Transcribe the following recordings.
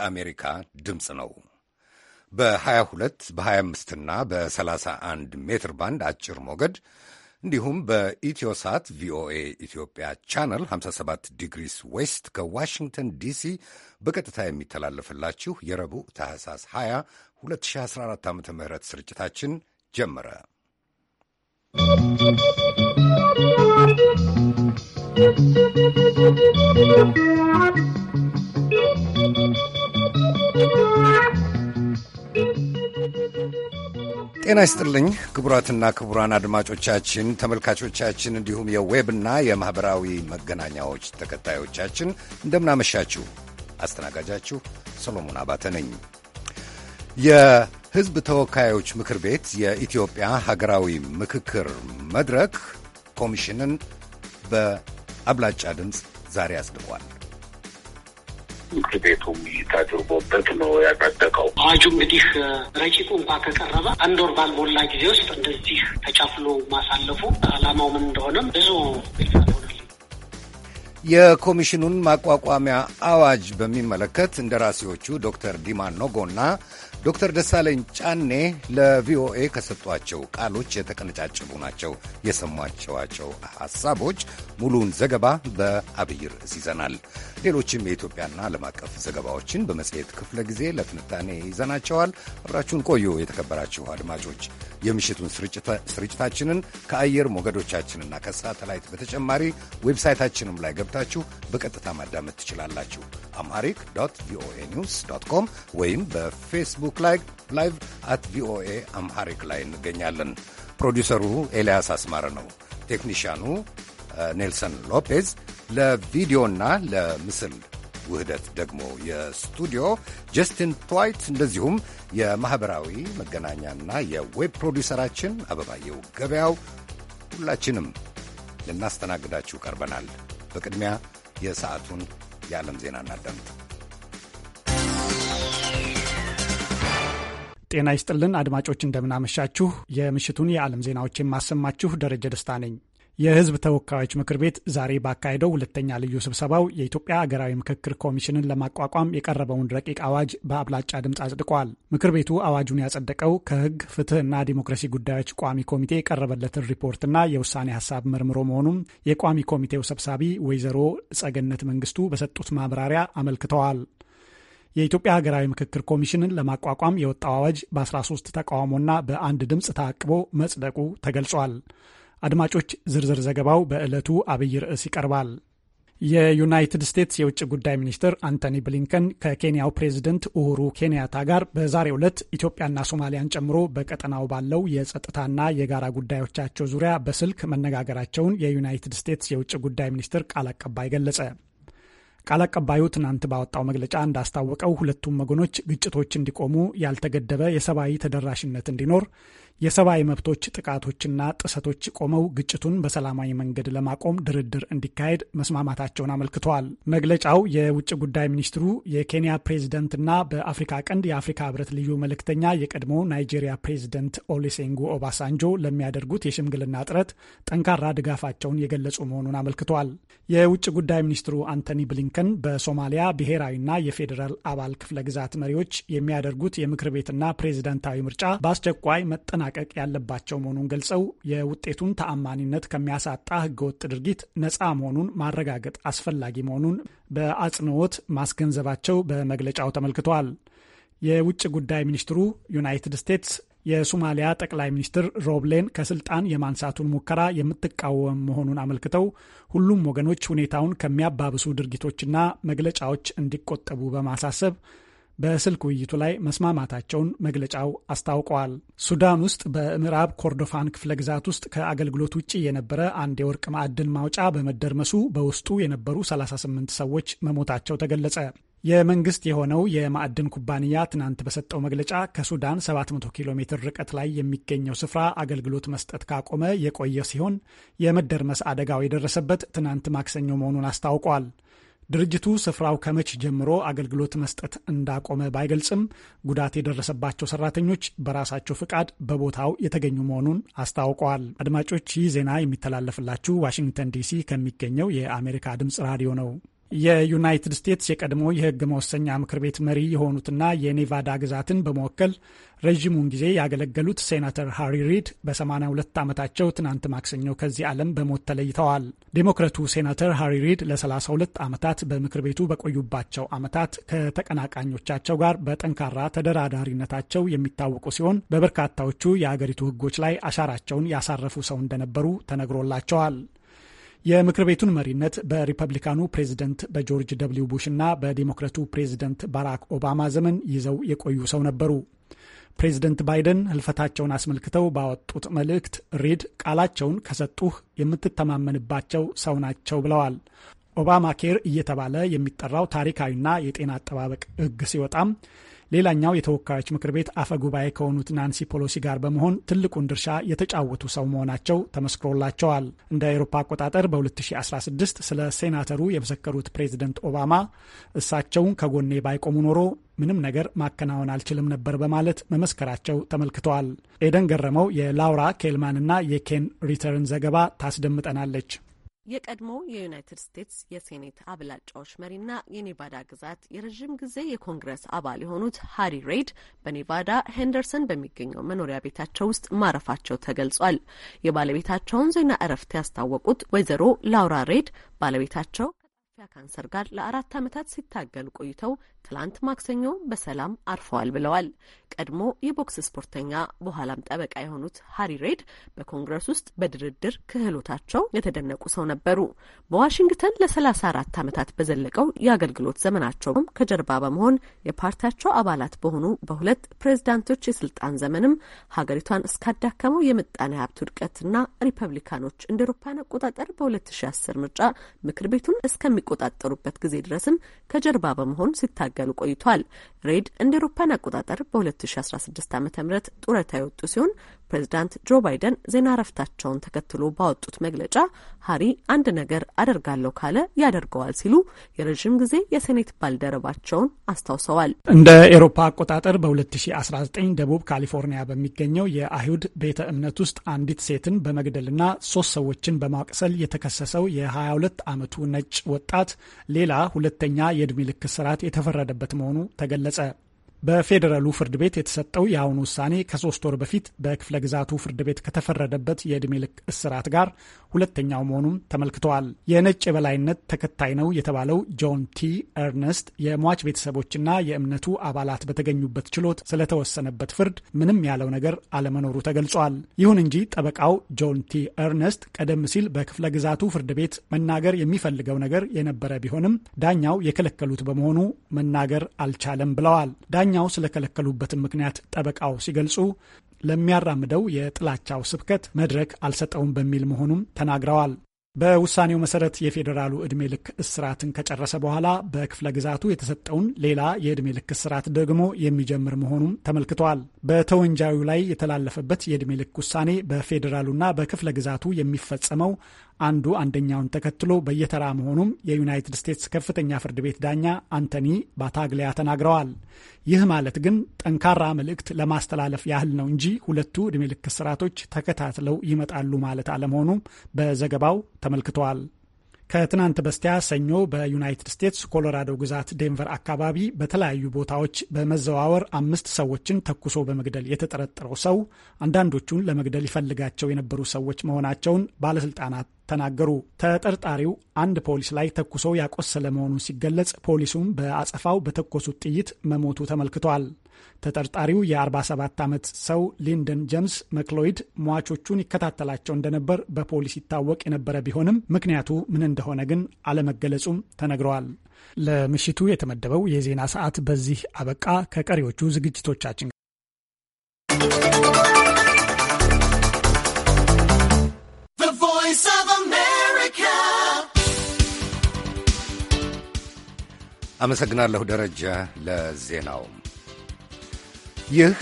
የአሜሪካ ድምፅ ነው። በ22 በ25 እና በ31 ሜትር ባንድ አጭር ሞገድ እንዲሁም በኢትዮሳት ቪኦኤ ኢትዮጵያ ቻናል 57 ዲግሪስ ዌስት ከዋሽንግተን ዲሲ በቀጥታ የሚተላለፍላችሁ የረቡዕ ታህሳስ 20 2014 ዓ ም ስርጭታችን ጀመረ። ¶¶ ጤና ይስጥልኝ ክቡራትና ክቡራን አድማጮቻችን፣ ተመልካቾቻችን እንዲሁም የዌብና የማኅበራዊ መገናኛዎች ተከታዮቻችን እንደምናመሻችሁ። አስተናጋጃችሁ ሰሎሞን አባተ ነኝ። የሕዝብ ተወካዮች ምክር ቤት የኢትዮጵያ ሀገራዊ ምክክር መድረክ ኮሚሽንን በአብላጫ ድምፅ ዛሬ አጽድቋል። ምክር ቤቱም እይታ አድርጎበት ነው ያጸደቀው። አዋጁ እንግዲህ ረቂቁ እንኳ ከቀረበ አንድ ወር ባልሞላ ጊዜ ውስጥ እንደዚህ ተጫፍሎ ማሳለፉ አላማው ምን እንደሆነም ብዙ የኮሚሽኑን ማቋቋሚያ አዋጅ በሚመለከት እንደራሴዎቹ ዶክተር ዲማ ኖጎና ዶክተር ደሳለኝ ጫኔ ለቪኦኤ ከሰጧቸው ቃሎች የተቀነጫጭቡ ናቸው። የሰሟቸዋቸው ሐሳቦች ሙሉውን ዘገባ በአብይ ርዕስ ይዘናል። ሌሎችም የኢትዮጵያና ዓለም አቀፍ ዘገባዎችን በመጽሔት ክፍለ ጊዜ ለትንታኔ ይዘናቸዋል። አብራችሁን ቆዩ። የተከበራችሁ አድማጮች የምሽቱን ስርጭታችንን ከአየር ሞገዶቻችንና ከሳተላይት በተጨማሪ ዌብሳይታችንም ላይ ገብታችሁ በቀጥታ ማዳመጥ ትችላላችሁ። አምሃሪክ ዶት ቪኦኤ ኒውስ ዶት ኮም ወይም በፌስቡክ ላይ ላይቭ አት ቪኦኤ አምሃሪክ ላይ እንገኛለን። ፕሮዲውሰሩ ኤልያስ አስማረ ነው። ቴክኒሽያኑ ኔልሰን ሎፔዝ ለቪዲዮና ለምስል ውህደት ደግሞ የስቱዲዮ ጀስቲን ትዋይት እንደዚሁም የማኅበራዊ መገናኛና የዌብ ፕሮዲውሰራችን አበባየው ገበያው ሁላችንም ልናስተናግዳችሁ ቀርበናል። በቅድሚያ የሰዓቱን የዓለም ዜና እናዳምጥ። ጤና ይስጥልን አድማጮች፣ እንደምናመሻችሁ። የምሽቱን የዓለም ዜናዎች የማሰማችሁ ደረጀ ደስታ ነኝ። የህዝብ ተወካዮች ምክር ቤት ዛሬ ባካሄደው ሁለተኛ ልዩ ስብሰባው የኢትዮጵያ አገራዊ ምክክር ኮሚሽንን ለማቋቋም የቀረበውን ረቂቅ አዋጅ በአብላጫ ድምፅ አጽድቋል። ምክር ቤቱ አዋጁን ያጸደቀው ፍትህ ፍትህና ዲሞክራሲ ጉዳዮች ቋሚ ኮሚቴ የቀረበለትን ሪፖርትና የውሳኔ ሀሳብ መርምሮ መሆኑም የቋሚ ኮሚቴው ሰብሳቢ ወይዘሮ ጸገነት መንግስቱ በሰጡት ማብራሪያ አመልክተዋል። የኢትዮጵያ ሀገራዊ ምክክር ኮሚሽንን ለማቋቋም የወጣው አዋጅ በ13 ተቃውሞና በአንድ ድምፅ ታቅቦ መጽደቁ ተገልጿል። አድማጮች፣ ዝርዝር ዘገባው በዕለቱ አብይ ርዕስ ይቀርባል። የዩናይትድ ስቴትስ የውጭ ጉዳይ ሚኒስትር አንቶኒ ብሊንከን ከኬንያው ፕሬዝደንት ኡሁሩ ኬንያታ ጋር በዛሬው ዕለት ኢትዮጵያና ሶማሊያን ጨምሮ በቀጠናው ባለው የጸጥታና የጋራ ጉዳዮቻቸው ዙሪያ በስልክ መነጋገራቸውን የዩናይትድ ስቴትስ የውጭ ጉዳይ ሚኒስትር ቃል አቀባይ ገለጸ። ቃል አቀባዩ ትናንት ባወጣው መግለጫ እንዳስታወቀው ሁለቱም ወገኖች ግጭቶች እንዲቆሙ፣ ያልተገደበ የሰብአዊ ተደራሽነት እንዲኖር የሰብአዊ መብቶች ጥቃቶችና ጥሰቶች ቆመው ግጭቱን በሰላማዊ መንገድ ለማቆም ድርድር እንዲካሄድ መስማማታቸውን አመልክተዋል። መግለጫው የውጭ ጉዳይ ሚኒስትሩ፣ የኬንያ ፕሬዝደንትና በአፍሪካ ቀንድ የአፍሪካ ህብረት ልዩ መልእክተኛ የቀድሞ ናይጄሪያ ፕሬዝደንት ኦሊሴንጉ ኦባሳንጆ ለሚያደርጉት የሽምግልና ጥረት ጠንካራ ድጋፋቸውን የገለጹ መሆኑን አመልክተዋል። የውጭ ጉዳይ ሚኒስትሩ አንቶኒ ብሊንከን በሶማሊያ ብሔራዊና የፌዴራል አባል ክፍለ ግዛት መሪዎች የሚያደርጉት የምክር ቤትና ፕሬዝደንታዊ ምርጫ በአስቸኳይ መጠና። መጠናቀቅ ያለባቸው መሆኑን ገልጸው የውጤቱን ተአማኒነት ከሚያሳጣ ህገወጥ ድርጊት ነፃ መሆኑን ማረጋገጥ አስፈላጊ መሆኑን በአጽንኦት ማስገንዘባቸው በመግለጫው ተመልክተዋል። የውጭ ጉዳይ ሚኒስትሩ ዩናይትድ ስቴትስ የሶማሊያ ጠቅላይ ሚኒስትር ሮብሌን ከስልጣን የማንሳቱን ሙከራ የምትቃወም መሆኑን አመልክተው ሁሉም ወገኖች ሁኔታውን ከሚያባብሱ ድርጊቶችና መግለጫዎች እንዲቆጠቡ በማሳሰብ በስልክ ውይይቱ ላይ መስማማታቸውን መግለጫው አስታውቀዋል። ሱዳን ውስጥ በምዕራብ ኮርዶፋን ክፍለ ግዛት ውስጥ ከአገልግሎት ውጭ የነበረ አንድ የወርቅ ማዕድን ማውጫ በመደርመሱ በውስጡ የነበሩ 38 ሰዎች መሞታቸው ተገለጸ። የመንግስት የሆነው የማዕድን ኩባንያ ትናንት በሰጠው መግለጫ ከሱዳን 700 ኪሎ ሜትር ርቀት ላይ የሚገኘው ስፍራ አገልግሎት መስጠት ካቆመ የቆየ ሲሆን የመደርመስ አደጋው የደረሰበት ትናንት ማክሰኞ መሆኑን አስታውቋል። ድርጅቱ ስፍራው ከመች ጀምሮ አገልግሎት መስጠት እንዳቆመ ባይገልጽም ጉዳት የደረሰባቸው ሰራተኞች በራሳቸው ፍቃድ በቦታው የተገኙ መሆኑን አስታውቀዋል። አድማጮች ይህ ዜና የሚተላለፍላችሁ ዋሽንግተን ዲሲ ከሚገኘው የአሜሪካ ድምጽ ራዲዮ ነው። የዩናይትድ ስቴትስ የቀድሞ የህግ መወሰኛ ምክር ቤት መሪ የሆኑትና የኔቫዳ ግዛትን በመወከል ረዥሙን ጊዜ ያገለገሉት ሴናተር ሃሪ ሪድ በ82 ዓመታቸው ትናንት ማክሰኞ ከዚህ ዓለም በሞት ተለይተዋል። ዴሞክራቱ ሴናተር ሃሪ ሪድ ለ32 ዓመታት በምክር ቤቱ በቆዩባቸው ዓመታት ከተቀናቃኞቻቸው ጋር በጠንካራ ተደራዳሪነታቸው የሚታወቁ ሲሆን በበርካታዎቹ የአገሪቱ ሕጎች ላይ አሻራቸውን ያሳረፉ ሰው እንደነበሩ ተነግሮላቸዋል። የምክር ቤቱን መሪነት በሪፐብሊካኑ ፕሬዝደንት በጆርጅ ደብሊው ቡሽ እና በዴሞክራቱ ፕሬዝደንት ባራክ ኦባማ ዘመን ይዘው የቆዩ ሰው ነበሩ። ፕሬዝደንት ባይደን ህልፈታቸውን አስመልክተው ባወጡት መልእክት ሪድ ቃላቸውን ከሰጡህ የምትተማመንባቸው ሰው ናቸው ብለዋል። ኦባማ ኬር እየተባለ የሚጠራው ታሪካዊና የጤና አጠባበቅ ህግ ሲወጣም ሌላኛው የተወካዮች ምክር ቤት አፈ ጉባኤ ከሆኑት ናንሲ ፖሎሲ ጋር በመሆን ትልቁን ድርሻ የተጫወቱ ሰው መሆናቸው ተመስክሮላቸዋል። እንደ አውሮፓ አቆጣጠር በ2016 ስለ ሴናተሩ የመሰከሩት ፕሬዚደንት ኦባማ እሳቸውን ከጎኔ ባይቆሙ ኖሮ ምንም ነገር ማከናወን አልችልም ነበር በማለት መመስከራቸው ተመልክተዋል። ኤደን ገረመው የላውራ ኬልማንና የኬን ሪተርን ዘገባ ታስደምጠናለች። የቀድሞው የዩናይትድ ስቴትስ የሴኔት አብላጫዎች መሪና የኔቫዳ ግዛት የረዥም ጊዜ የኮንግረስ አባል የሆኑት ሃሪ ሬድ በኔቫዳ ሄንደርሰን በሚገኘው መኖሪያ ቤታቸው ውስጥ ማረፋቸው ተገልጿል። የባለቤታቸውን ዜና እረፍት ያስታወቁት ወይዘሮ ላውራ ሬድ ባለቤታቸው ካንሰር ጋር ለአራት ዓመታት ሲታገሉ ቆይተው ትላንት ማክሰኞ በሰላም አርፈዋል ብለዋል። ቀድሞ የቦክስ ስፖርተኛ በኋላም ጠበቃ የሆኑት ሃሪ ሬድ በኮንግረስ ውስጥ በድርድር ክህሎታቸው የተደነቁ ሰው ነበሩ። በዋሽንግተን ለሰላሳ አራት ዓመታት በዘለቀው የአገልግሎት ዘመናቸውም ከጀርባ በመሆን የፓርቲያቸው አባላት በሆኑ በሁለት ፕሬዝዳንቶች የስልጣን ዘመንም ሀገሪቷን እስካዳከመው የምጣኔ ሀብት ውድቀትና ሪፐብሊካኖች እንደ አውሮፓውያን አቆጣጠር በ2010 ምርጫ ምክር ቤቱን እስከሚ እስከሚቆጣጠሩበት ጊዜ ድረስም ከጀርባ በመሆን ሲታገሉ ቆይቷል። ሬድ እንደ ኤሮፓን አቆጣጠር በ2016 ዓ ም ጡረታ የወጡ ሲሆን ፕሬዚዳንት ጆ ባይደን ዜና እረፍታቸውን ተከትሎ ባወጡት መግለጫ ሀሪ አንድ ነገር አደርጋለሁ ካለ ያደርገዋል ሲሉ የረዥም ጊዜ የሴኔት ባልደረባቸውን አስታውሰዋል። እንደ ኤሮፓ አቆጣጠር በ2019 ደቡብ ካሊፎርኒያ በሚገኘው የአይሁድ ቤተ እምነት ውስጥ አንዲት ሴትን በመግደልና ሶስት ሰዎችን በማቅሰል የተከሰሰው የ22 ዓመቱ ነጭ ወጣት ሌላ ሁለተኛ የእድሜ ልክ ስርዓት የተፈረደበት መሆኑ ተገለጸ። በፌዴራሉ ፍርድ ቤት የተሰጠው የአሁኑ ውሳኔ ከሶስት ወር በፊት በክፍለ ግዛቱ ፍርድ ቤት ከተፈረደበት የዕድሜ ልክ እስራት ጋር ሁለተኛው መሆኑም ተመልክተዋል። የነጭ የበላይነት ተከታይ ነው የተባለው ጆን ቲ ኤርነስት የሟች ቤተሰቦችና የእምነቱ አባላት በተገኙበት ችሎት ስለተወሰነበት ፍርድ ምንም ያለው ነገር አለመኖሩ ተገልጿል። ይሁን እንጂ ጠበቃው ጆን ቲ ኤርነስት ቀደም ሲል በክፍለ ግዛቱ ፍርድ ቤት መናገር የሚፈልገው ነገር የነበረ ቢሆንም ዳኛው የከለከሉት በመሆኑ መናገር አልቻለም ብለዋል። ዳኛው ስለከለከሉበትም ምክንያት ጠበቃው ሲገልጹ ለሚያራምደው የጥላቻው ስብከት መድረክ አልሰጠውም በሚል መሆኑም ተናግረዋል። በውሳኔው መሰረት የፌዴራሉ ዕድሜ ልክ እስራትን ከጨረሰ በኋላ በክፍለ ግዛቱ የተሰጠውን ሌላ የዕድሜ ልክ እስራት ደግሞ የሚጀምር መሆኑም ተመልክቷል። በተወንጃዩ ላይ የተላለፈበት የዕድሜ ልክ ውሳኔ በፌዴራሉና በክፍለ ግዛቱ የሚፈጸመው አንዱ አንደኛውን ተከትሎ በየተራ መሆኑም የዩናይትድ ስቴትስ ከፍተኛ ፍርድ ቤት ዳኛ አንቶኒ ባታግሊያ ተናግረዋል። ይህ ማለት ግን ጠንካራ መልእክት ለማስተላለፍ ያህል ነው እንጂ ሁለቱ ዕድሜ ልክ ስርዓቶች ተከታትለው ይመጣሉ ማለት አለመሆኑም በዘገባው ተመልክተዋል። ከትናንት በስቲያ ሰኞ በዩናይትድ ስቴትስ ኮሎራዶ ግዛት ዴንቨር አካባቢ በተለያዩ ቦታዎች በመዘዋወር አምስት ሰዎችን ተኩሶ በመግደል የተጠረጠረው ሰው አንዳንዶቹን ለመግደል ይፈልጋቸው የነበሩ ሰዎች መሆናቸውን ባለስልጣናት ተናገሩ። ተጠርጣሪው አንድ ፖሊስ ላይ ተኩሶ ያቆሰለ መሆኑን ሲገለጽ፣ ፖሊሱም በአጸፋው በተኮሱት ጥይት መሞቱ ተመልክቷል። ተጠርጣሪው የ47 ዓመት ሰው ሊንደን ጀምስ መክሎይድ ሟቾቹን ይከታተላቸው እንደነበር በፖሊስ ይታወቅ የነበረ ቢሆንም ምክንያቱ ምን እንደሆነ ግን አለመገለጹም ተነግረዋል። ለምሽቱ የተመደበው የዜና ሰዓት በዚህ አበቃ። ከቀሪዎቹ ዝግጅቶቻችን አመሰግናለሁ ደረጀ ለዜናውም። ይህ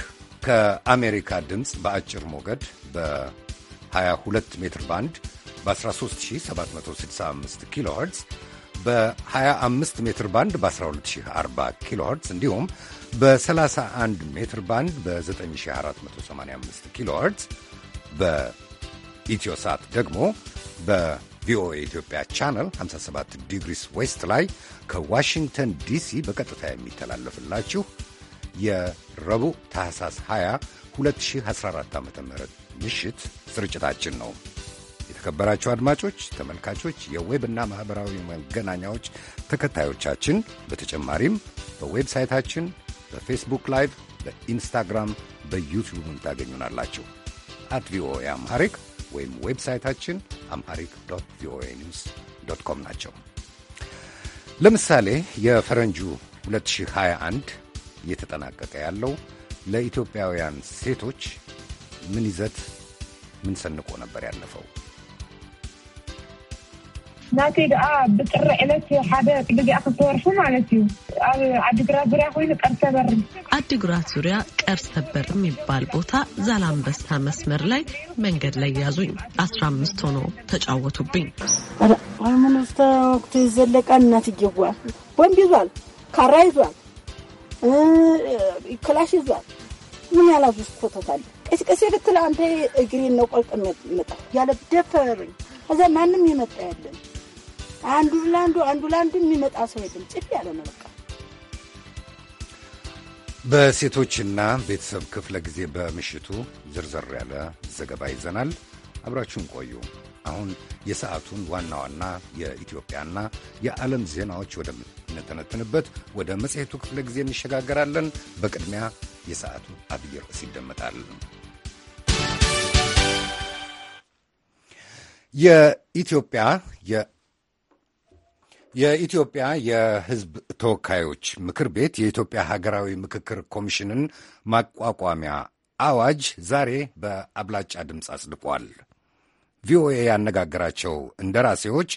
ከአሜሪካ ድምፅ በአጭር ሞገድ በ22 ሜትር ባንድ በ13765 ኪሎ ኸርትዝ በ25 ሜትር ባንድ በ1240 ኪሎ ኸርትዝ እንዲሁም በ31 ሜትር ባንድ በ9485 ኪሎ ኸርትዝ በኢትዮሳት ደግሞ በቪኦኤ ኢትዮጵያ ቻናል 57 ዲግሪስ ዌስት ላይ ከዋሽንግተን ዲሲ በቀጥታ የሚተላለፍላችሁ የረቡዕ ታህሳስ 20 2014 ዓ ም ምሽት ስርጭታችን ነው። የተከበራችሁ አድማጮች፣ ተመልካቾች፣ የዌብና ማኅበራዊ መገናኛዎች ተከታዮቻችን በተጨማሪም በዌብሳይታችን፣ በፌስቡክ ላይቭ፣ በኢንስታግራም፣ በዩቲዩብም ታገኙናላችሁ። አት ቪኦኤ አምሐሪክ ወይም ዌብሳይታችን አምሐሪክ ዶት ቪኦኤ ኒውስ ዶት ኮም ናቸው። ለምሳሌ የፈረንጁ 2021 እየተጠናቀቀ ያለው ለኢትዮጵያውያን ሴቶች ምን ይዘት ምን ሰንቆ ነበር ያለፈው? ናተይ ከዓ ብጥረ ዕለት ሓደ ብዚኣ ክተወርፉ ማለት እዩ ኣብ ዓዲግራት ዙርያ ኮይኑ ቀርሰበር ዓዲግራት ዙርያ ቀርሰበር የሚባል ቦታ ዛላምበሳ መስመር ላይ መንገድ ላይ ያዙኝ። አስራ አምስት ሆኖ ተጫወቱብኝ። ሃይማኖት ወቅቲ ዘለቃ እናትይዋ ወንድ ይዟል፣ ካራ ይዟል ክላሽ ይዟል። ምን ያላዙ ኮተታል ቀስቀሴ ብትል አንተ እግሬን ነው ቆልቅ መጣ ያለ ደፈረኝ። እዛ ማንም የመጣ ያለን አንዱ ለአንዱ አንዱ ለአንዱ የሚመጣ ሰው የለም። ጭፍ ያለ ነው በቃ። በሴቶችና ቤተሰብ ክፍለ ጊዜ በምሽቱ ዝርዝር ያለ ዘገባ ይዘናል። አብራችሁን ቆዩ። አሁን የሰዓቱን ዋና ዋና የኢትዮጵያና የዓለም ዜናዎች ወደ የምንተነትንበት ወደ መጽሔቱ ክፍለ ጊዜ እንሸጋገራለን። በቅድሚያ የሰዓቱ አብይ ርዕስ ይደመጣል። የኢትዮጵያ የኢትዮጵያ የሕዝብ ተወካዮች ምክር ቤት የኢትዮጵያ ሀገራዊ ምክክር ኮሚሽንን ማቋቋሚያ አዋጅ ዛሬ በአብላጫ ድምፅ አጽድቋል። ቪኦኤ ያነጋገራቸው እንደራሴዎች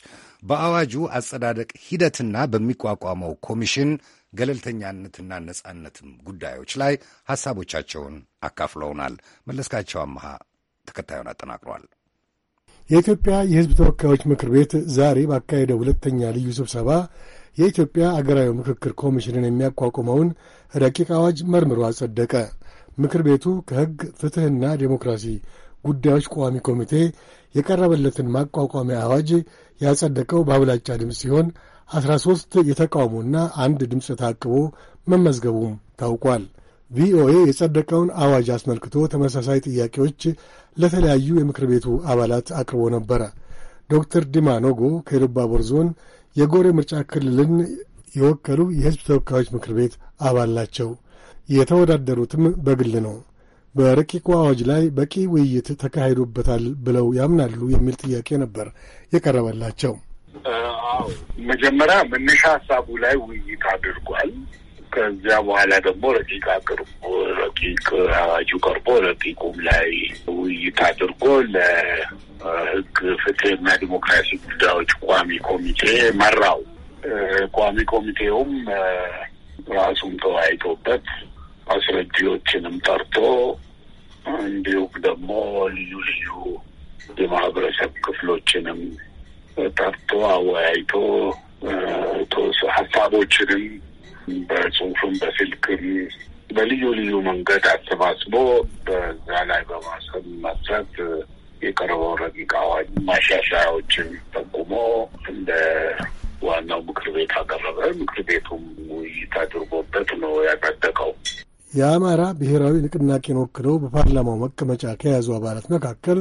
በአዋጁ አጸዳደቅ ሂደትና በሚቋቋመው ኮሚሽን ገለልተኛነትና ነጻነትም ጉዳዮች ላይ ሐሳቦቻቸውን አካፍለውናል። መለስካቸው አመሃ ተከታዩን አጠናቅሯል። የኢትዮጵያ የሕዝብ ተወካዮች ምክር ቤት ዛሬ ባካሄደው ሁለተኛ ልዩ ስብሰባ የኢትዮጵያ አገራዊ ምክክር ኮሚሽንን የሚያቋቁመውን ረቂቅ አዋጅ መርምሮ አጸደቀ። ምክር ቤቱ ከሕግ ፍትሕና ዴሞክራሲ ጉዳዮች ቋሚ ኮሚቴ የቀረበለትን ማቋቋሚያ አዋጅ ያጸደቀው በአብላጫ ድምፅ ሲሆን ሦስት የተቃውሞና አንድ ድምፅ ታቅቦ መመዝገቡም ታውቋል። ቪኦኤ የጸደቀውን አዋጅ አስመልክቶ ተመሳሳይ ጥያቄዎች ለተለያዩ የምክር ቤቱ አባላት አቅርቦ ነበረ። ዶክተር ዲማ ኖጎ ከኢሉባቦር ዞን የጎሬ ምርጫ ክልልን የወከሉ የሕዝብ ተወካዮች ምክር ቤት አባል ናቸው። የተወዳደሩትም በግል ነው። በረቂቁ አዋጅ ላይ በቂ ውይይት ተካሂዶበታል ብለው ያምናሉ የሚል ጥያቄ ነበር የቀረበላቸው። አዎ መጀመሪያ መነሻ ሀሳቡ ላይ ውይይት አድርጓል። ከዚያ በኋላ ደግሞ ረቂቅ አቅርቦ ረቂቅ አዋጁ ቀርቦ ረቂቁም ላይ ውይይት አድርጎ ለሕግ ፍትህና ዲሞክራሲ ጉዳዮች ቋሚ ኮሚቴ መራው። ቋሚ ኮሚቴውም ራሱም ተወያይቶበት አስረጂዎችንም ጠርቶ እንዲሁም ደግሞ ልዩ ልዩ የማህበረሰብ ክፍሎችንም ጠርቶ አወያይቶ ሀሳቦችንም በጽሁፍም በስልክም በልዩ ልዩ መንገድ አሰባስቦ በዛ ላይ በማሰብ መስረት የቀረበው ረቂቅ አዋጅ ማሻሻያዎችን ጠቁሞ እንደ ዋናው ምክር ቤት አቀረበ። ምክር ቤቱም ውይይት አድርጎበት ነው ያጸደቀው። የአማራ ብሔራዊ ንቅናቄን ወክለው በፓርላማው መቀመጫ ከያዙ አባላት መካከል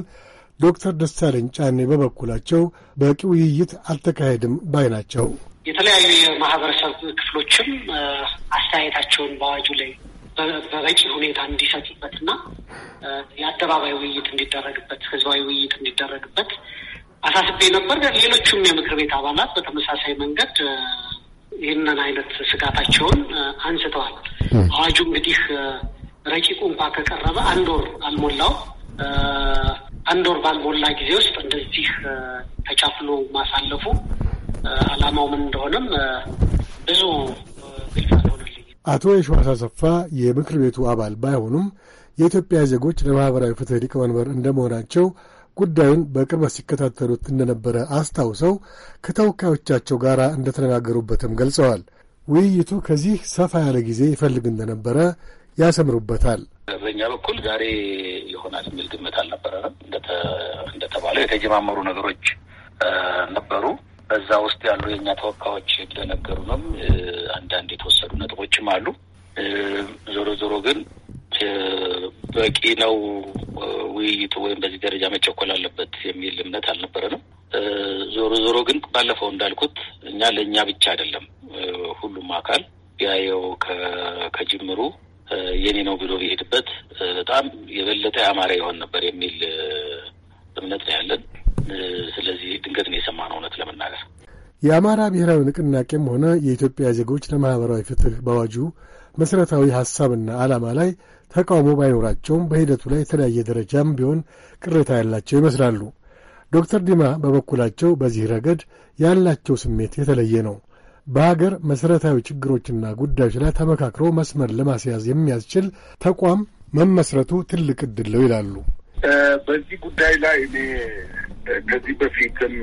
ዶክተር ደሳለኝ ጫኔ በበኩላቸው በቂ ውይይት አልተካሄድም ባይ ናቸው። የተለያዩ የማህበረሰብ ክፍሎችም አስተያየታቸውን በአዋጁ ላይ በበቂ ሁኔታ እንዲሰጡበትና የአደባባይ ውይይት እንዲደረግበት፣ ህዝባዊ ውይይት እንዲደረግበት አሳስቤ ነበር። ሌሎቹም የምክር ቤት አባላት በተመሳሳይ መንገድ ይህንን አይነት ስጋታቸውን አንስተዋል። አዋጁ እንግዲህ ረቂቁ እንኳ ከቀረበ አንድ ወር አልሞላው አንድ ወር ባልሞላ ጊዜ ውስጥ እንደዚህ ተጫፍኖ ማሳለፉ ዓላማው ምን እንደሆነም ብዙ አቶ የሸዋስ አሰፋ የምክር ቤቱ አባል ባይሆኑም የኢትዮጵያ ዜጎች ለማህበራዊ ፍትህ ሊቀመንበር እንደመሆናቸው ጉዳዩን በቅርበት ሲከታተሉት እንደነበረ አስታውሰው ከተወካዮቻቸው ጋር እንደተነጋገሩበትም ገልጸዋል። ውይይቱ ከዚህ ሰፋ ያለ ጊዜ ይፈልግ እንደነበረ ያሰምሩበታል። በእኛ በኩል ዛሬ ይሆናል የሚል ግምት አልነበረንም። እንደተባለው የተጀማመሩ ነገሮች ነበሩ። በዛ ውስጥ ያሉ የእኛ ተወካዮች እንደነገሩ አንዳንድ የተወሰዱ ነጥቦችም አሉ። ዞሮ ዞሮ ግን በቂ ነው ውይይቱ ወይም በዚህ ደረጃ መቸኮል አለበት የሚል እምነት አልነበረንም። ዞሮ ዞሮ ግን ባለፈው እንዳልኩት እኛ ለእኛ ብቻ አይደለም ሁሉም አካል ያየው ከጅምሩ የኔ ነው ብሎ ቢሄድበት በጣም የበለጠ አማራ ይሆን ነበር የሚል እምነት ነው ያለን። ስለዚህ ድንገት ነው የሰማነው። እውነት ለመናገር የአማራ ብሔራዊ ንቅናቄም ሆነ የኢትዮጵያ ዜጎች ለማህበራዊ ፍትህ በአዋጁ መሠረታዊ ሐሳብና ዓላማ ላይ ተቃውሞ ባይኖራቸውም በሂደቱ ላይ የተለያየ ደረጃም ቢሆን ቅሬታ ያላቸው ይመስላሉ። ዶክተር ዲማ በበኩላቸው በዚህ ረገድ ያላቸው ስሜት የተለየ ነው። በሀገር መሠረታዊ ችግሮችና ጉዳዮች ላይ ተመካክሮ መስመር ለማስያዝ የሚያስችል ተቋም መመስረቱ ትልቅ እድል ነው ይላሉ። በዚህ ጉዳይ ላይ እኔ ከዚህ በፊትም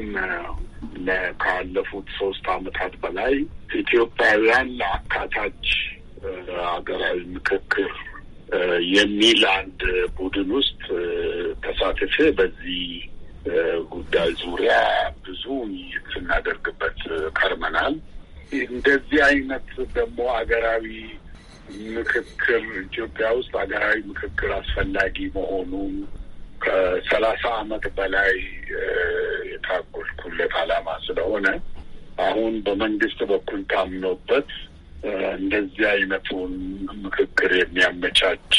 ካለፉት ሶስት ዓመታት በላይ ኢትዮጵያውያን አካታች ሀገራዊ ምክክር የሚል አንድ ቡድን ውስጥ ተሳትፌ በዚህ ጉዳይ ዙሪያ ብዙ ውይይት ስናደርግበት ከርመናል። እንደዚህ አይነት ደግሞ አገራዊ ምክክር ኢትዮጵያ ውስጥ አገራዊ ምክክር አስፈላጊ መሆኑን ከሰላሳ አመት በላይ የታጎልኩለት አላማ ስለሆነ አሁን በመንግስት በኩል ታምኖበት እንደዚህ አይነቱን ምክክር የሚያመቻች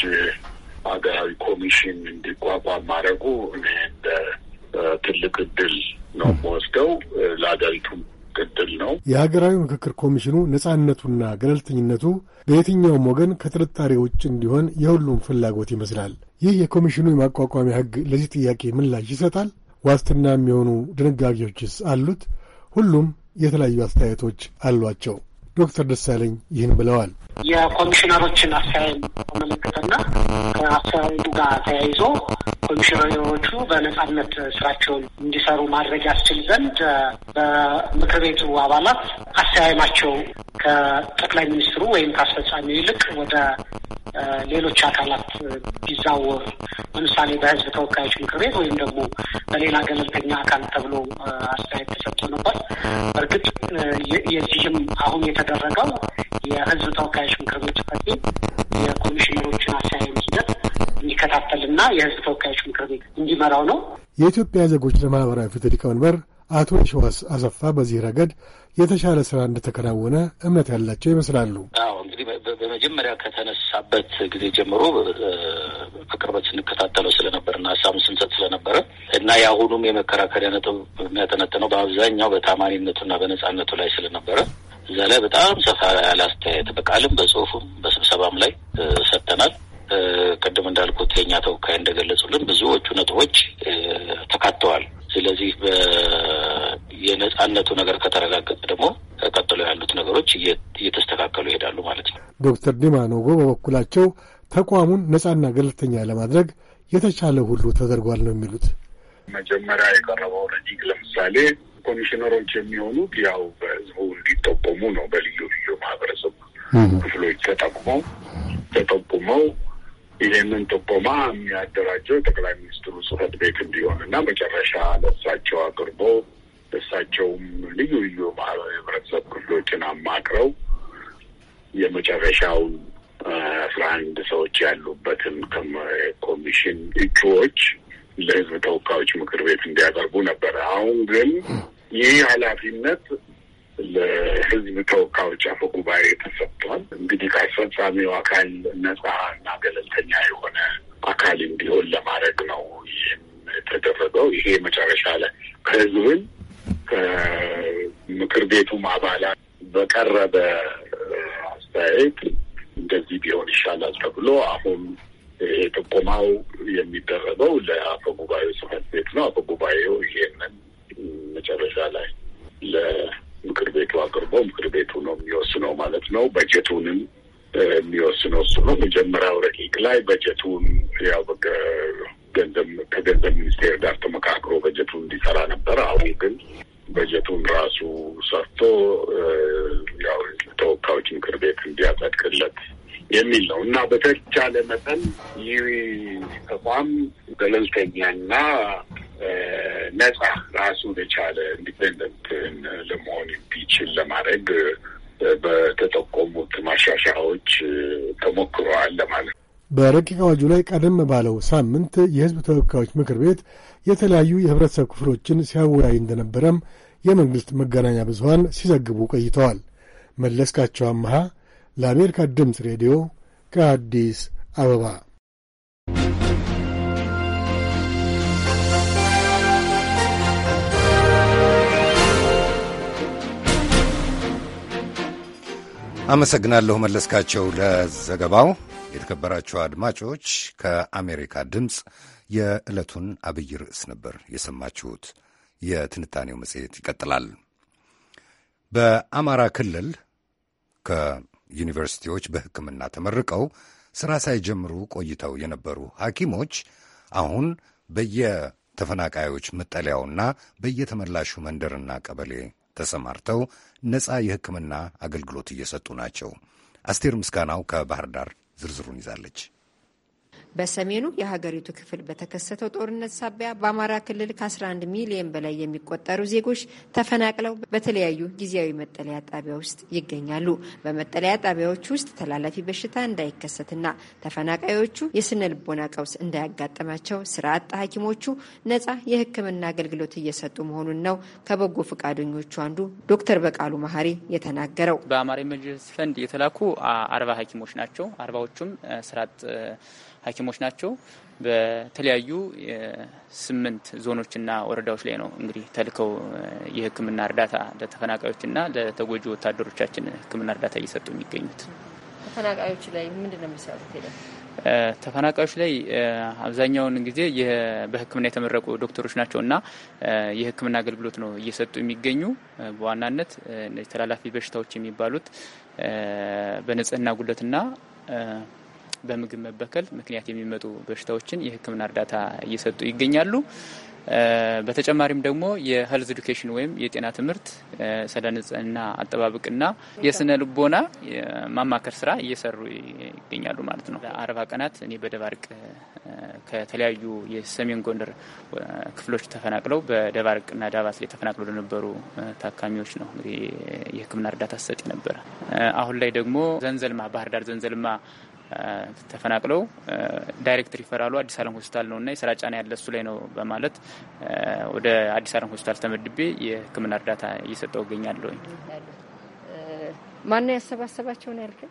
ሀገራዊ ኮሚሽን እንዲቋቋም ማድረጉ እኔ እንደ ትልቅ እድል ነው የምወስደው፣ ለሀገሪቱም እድል ነው። የሀገራዊ ምክክር ኮሚሽኑ ነጻነቱና ገለልተኝነቱ በየትኛውም ወገን ከጥርጣሬ ውጭ እንዲሆን የሁሉም ፍላጎት ይመስላል። ይህ የኮሚሽኑ የማቋቋሚያ ሕግ ለዚህ ጥያቄ ምላሽ ይሰጣል? ዋስትና የሚሆኑ ድንጋጌዎችስ አሉት? ሁሉም የተለያዩ አስተያየቶች አሏቸው። ዶክተር ደሳለኝ ይህን ብለዋል። የኮሚሽነሮችን አስተያየት መለከተና ከአስተያየቱ ጋር ተያይዞ ኮሚሽነሮቹ በነጻነት ስራቸውን እንዲሰሩ ማድረግ ያስችል ዘንድ በምክር ቤቱ አባላት አስተያየማቸው ከጠቅላይ ሚኒስትሩ ወይም ከአስፈጻሚው ይልቅ ወደ ሌሎች አካላት ቢዛወር ለምሳሌ በህዝብ ተወካዮች ምክር ቤት ወይም ደግሞ በሌላ ገለልተኛ አካል ተብሎ አስተያየት ተሰጥቶ ነበር። እርግጥ የዚህም አሁን የተደረገው የህዝብ ተወካዮች ፌዴሬሽን ምክር ቤት ቤት የኮሚሽነሮችን አሰያየም ሂደት እንዲከታተልና የህዝብ ተወካዮች ምክር ቤት እንዲመራው ነው። የኢትዮጵያ ዜጎች ለማህበራዊ ፍትህ ሊቀመንበር አቶ የሸዋስ አሰፋ በዚህ ረገድ የተሻለ ስራ እንደተከናወነ እምነት ያላቸው ይመስላሉ። አዎ እንግዲህ በመጀመሪያ ከተነሳበት ጊዜ ጀምሮ በቅርበት ስንከታተለው ስለነበርና ሀሳቡን ስንሰጥ ስለነበረ እና የአሁኑም የመከራከሪያ ነጥብ የሚያጠነጥነው በአብዛኛው በታማኒነቱና በነጻነቱ ላይ ስለነበረ እዛ ላይ በጣም ሰፋ ያለ አስተያየት በቃልም በጽሁፉም በስብሰባም ላይ ሰጥተናል። ቅድም እንዳልኩት የእኛ ተወካይ እንደገለጹልን ብዙዎቹ ነጥቦች ተካተዋል። ስለዚህ የነጻነቱ ነገር ከተረጋገጠ ደግሞ ቀጥሎ ያሉት ነገሮች እየተስተካከሉ ይሄዳሉ ማለት ነው። ዶክተር ዲማ ኖጎ በበኩላቸው ተቋሙን ነጻና ገለልተኛ ለማድረግ የተቻለ ሁሉ ተደርጓል ነው የሚሉት። መጀመሪያ የቀረበው ረቂቅ ለምሳሌ ኮሚሽነሮች የሚሆኑት ያው በህዝቡ እንዲጠቆሙ ነው። በልዩ ልዩ ማህበረሰብ ክፍሎች ተጠቁመው ተጠቁመው ይሄንን ጥቆማ የሚያደራጀው ጠቅላይ ሚኒስትሩ ጽህፈት ቤት እንዲሆን እና መጨረሻ ለእሳቸው አቅርቦ እሳቸውም ልዩ ልዩ የህብረተሰብ ክፍሎችን አማክረው የመጨረሻውን አስራ አንድ ሰዎች ያሉበትን ኮሚሽን እጩዎች ለህዝብ ተወካዮች ምክር ቤት እንዲያቀርቡ ነበረ። አሁን ግን ይህ ኃላፊነት ለህዝብ ተወካዮች አፈ ጉባኤ ተሰጥቷል። እንግዲህ ከአስፈጻሚው አካል ነጻ እና ገለልተኛ የሆነ አካል እንዲሆን ለማድረግ ነው ይህም የተደረገው። ይሄ መጨረሻ ላይ ከህዝብን ከምክር ቤቱም አባላት በቀረበ አስተያየት እንደዚህ ቢሆን ይሻላል ተብሎ አሁን ይሄ ጥቆማው የሚደረገው ለአፈ ጉባኤው ጽህፈት ቤት ነው። አፈ ጉባኤው ይሄንን መጨረሻ ላይ ለምክር ቤቱ አቅርቦ ምክር ቤቱ ነው የሚወስነው ማለት ነው። በጀቱንም የሚወስነው እሱ ነው። መጀመሪያው ረቂቅ ላይ በጀቱን ያው ገንዘብ ከገንዘብ ሚኒስቴር ጋር ተመካክሮ በጀቱን እንዲሰራ ነበረ። አሁን ግን በጀቱን ራሱ ሰርቶ ያው ተወካዮች ምክር ቤት እንዲያጸድቅለት የሚል ነው እና በተቻለ መጠን ይህ ተቋም ገለልተኛና ነጻ ራሱን የቻለ ኢንዲፔንደንት ለመሆን ቢችል ለማድረግ በተጠቆሙት ማሻሻያዎች ተሞክረዋል ለማለት ነው። በረቂቅ አዋጁ ላይ ቀደም ባለው ሳምንት የሕዝብ ተወካዮች ምክር ቤት የተለያዩ የህብረተሰብ ክፍሎችን ሲያወያይ እንደነበረም የመንግሥት መገናኛ ብዙሀን ሲዘግቡ ቆይተዋል። መለስካቸው አመሃ ለአሜሪካ ድምፅ ሬዲዮ ከአዲስ አበባ አመሰግናለሁ መለስካቸው ለዘገባው። የተከበራችሁ አድማጮች ከአሜሪካ ድምፅ የዕለቱን አብይ ርዕስ ነበር የሰማችሁት። የትንታኔው መጽሔት ይቀጥላል። በአማራ ክልል ዩኒቨርሲቲዎች በሕክምና ተመርቀው ሥራ ሳይጀምሩ ቆይተው የነበሩ ሐኪሞች አሁን በየተፈናቃዮች መጠለያውና በየተመላሹ መንደርና ቀበሌ ተሰማርተው ነፃ የሕክምና አገልግሎት እየሰጡ ናቸው። አስቴር ምስጋናው ከባህር ዳር ዝርዝሩን ይዛለች። በሰሜኑ የሀገሪቱ ክፍል በተከሰተው ጦርነት ሳቢያ በአማራ ክልል ከ11 ሚሊዮን በላይ የሚቆጠሩ ዜጎች ተፈናቅለው በተለያዩ ጊዜያዊ መጠለያ ጣቢያ ውስጥ ይገኛሉ። በመጠለያ ጣቢያዎች ውስጥ ተላላፊ በሽታ እንዳይከሰትና ተፈናቃዮቹ የስነ ልቦና ቀውስ እንዳያጋጥማቸው ስራ አጥ ሐኪሞቹ ነጻ የሕክምና አገልግሎት እየሰጡ መሆኑን ነው ከበጎ ፈቃደኞቹ አንዱ ዶክተር በቃሉ መሀሪ የተናገረው። በአማራ ኢመርጀንሲ ፈንድ የተላኩ አርባ ሐኪሞች ናቸው። አርባዎቹም ስራ አጥ ሐኪሞች ናቸው። በተለያዩ ስምንት ዞኖችና ወረዳዎች ላይ ነው እንግዲህ ተልከው የሕክምና እርዳታ ለተፈናቃዮችና ለተጎጂ ወታደሮቻችን ሕክምና እርዳታ እየሰጡ የሚገኙት። ተፈናቃዮች ላይ ምንድን ነው የሚሰሩት? ተፈናቃዮች ላይ አብዛኛውን ጊዜ በህክምና የተመረቁ ዶክተሮች ናቸው እና የህክምና አገልግሎት ነው እየሰጡ የሚገኙ። በዋናነት ተላላፊ በሽታዎች የሚባሉት በንጽህና ጉድለትና በምግብ መበከል ምክንያት የሚመጡ በሽታዎችን የሕክምና እርዳታ እየሰጡ ይገኛሉ። በተጨማሪም ደግሞ የሄልዝ ኤዱኬሽን ወይም የጤና ትምህርት ስለ ንጽህና አጠባበቅና የስነ ልቦና ማማከር ስራ እየሰሩ ይገኛሉ ማለት ነው። ለአርባ ቀናት እኔ በደባርቅ ከተለያዩ የሰሜን ጎንደር ክፍሎች ተፈናቅለው በደባርቅና ዳባት ላይ ተፈናቅለው ለነበሩ ታካሚዎች ነው እንግዲህ የህክምና እርዳታ ሰጥ ነበረ አሁን ላይ ደግሞ ዘንዘልማ ባህር ዳር ዘንዘልማ ተፈናቅለው ዳይሬክት ሪፈራሉ አዲስ አለም ሆስፒታል ነው እና የስራ ጫና ያለ እሱ ላይ ነው በማለት ወደ አዲስ አለም ሆስፒታል ተመድቤ የሕክምና እርዳታ እየሰጠው እገኛለሁ። ማነው ያሰባሰባቸውን ያልከኝ?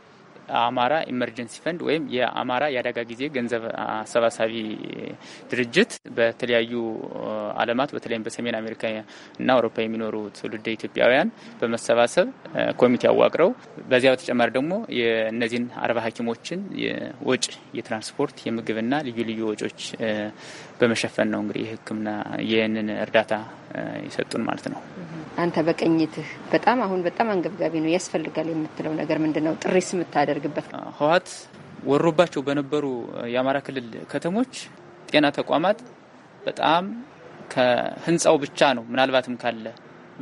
አማራ ኢመርጀንሲ ፈንድ ወይም የአማራ የአደጋ ጊዜ ገንዘብ አሰባሳቢ ድርጅት በተለያዩ ዓለማት በተለይም በሰሜን አሜሪካ እና አውሮፓ የሚኖሩ ትውልደ ኢትዮጵያውያን በመሰባሰብ ኮሚቴ አዋቅረው በዚያ በተጨማሪ ደግሞ የእነዚህን አርባ ሐኪሞችን ወጪ የትራንስፖርት የምግብና ልዩ ልዩ ወጪዎች በመሸፈን ነው እንግዲህ የሕክምና ይህንን እርዳታ ይሰጡን ማለት ነው። አንተ በቅኝትህ በጣም አሁን በጣም አንገብጋቢ ነው ያስፈልጋል የምትለው ነገር ምንድን ነው? ጥሪስ የሚያደርግበት ህወሀት ወሮባቸው በነበሩ የአማራ ክልል ከተሞች ጤና ተቋማት በጣም ከህንፃው ብቻ ነው ምናልባትም ካለ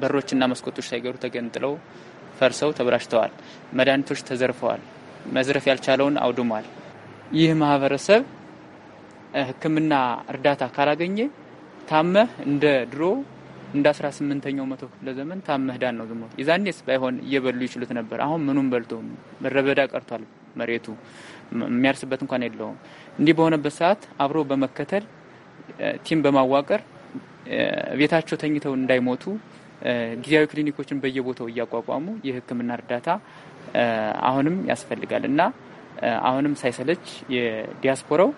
በሮችና መስኮቶች ሳይገሩ ተገንጥለው ፈርሰው ተበላሽተዋል። መድኃኒቶች ተዘርፈዋል። መዝረፍ ያልቻለውን አውድሟል። ይህ ማህበረሰብ ሕክምና እርዳታ ካላገኘ ታመህ እንደ ድሮ እንደ አስራ ስምንተኛው መቶ ክፍለ ዘመን ታመህዳን ነው ዝሞ። የዛኔስ ባይሆን እየበሉ ይችሉት ነበር። አሁን ምኑን በልቶ መረበዳ ቀርቷል። መሬቱ የሚያርስበት እንኳን የለውም። እንዲህ በሆነበት ሰዓት አብሮ በመከተል ቲም በማዋቀር ቤታቸው ተኝተው እንዳይሞቱ ጊዜያዊ ክሊኒኮችን በየቦታው እያቋቋሙ የሕክምና እርዳታ አሁንም ያስፈልጋል እና አሁንም ሳይሰለች የዲያስፖራው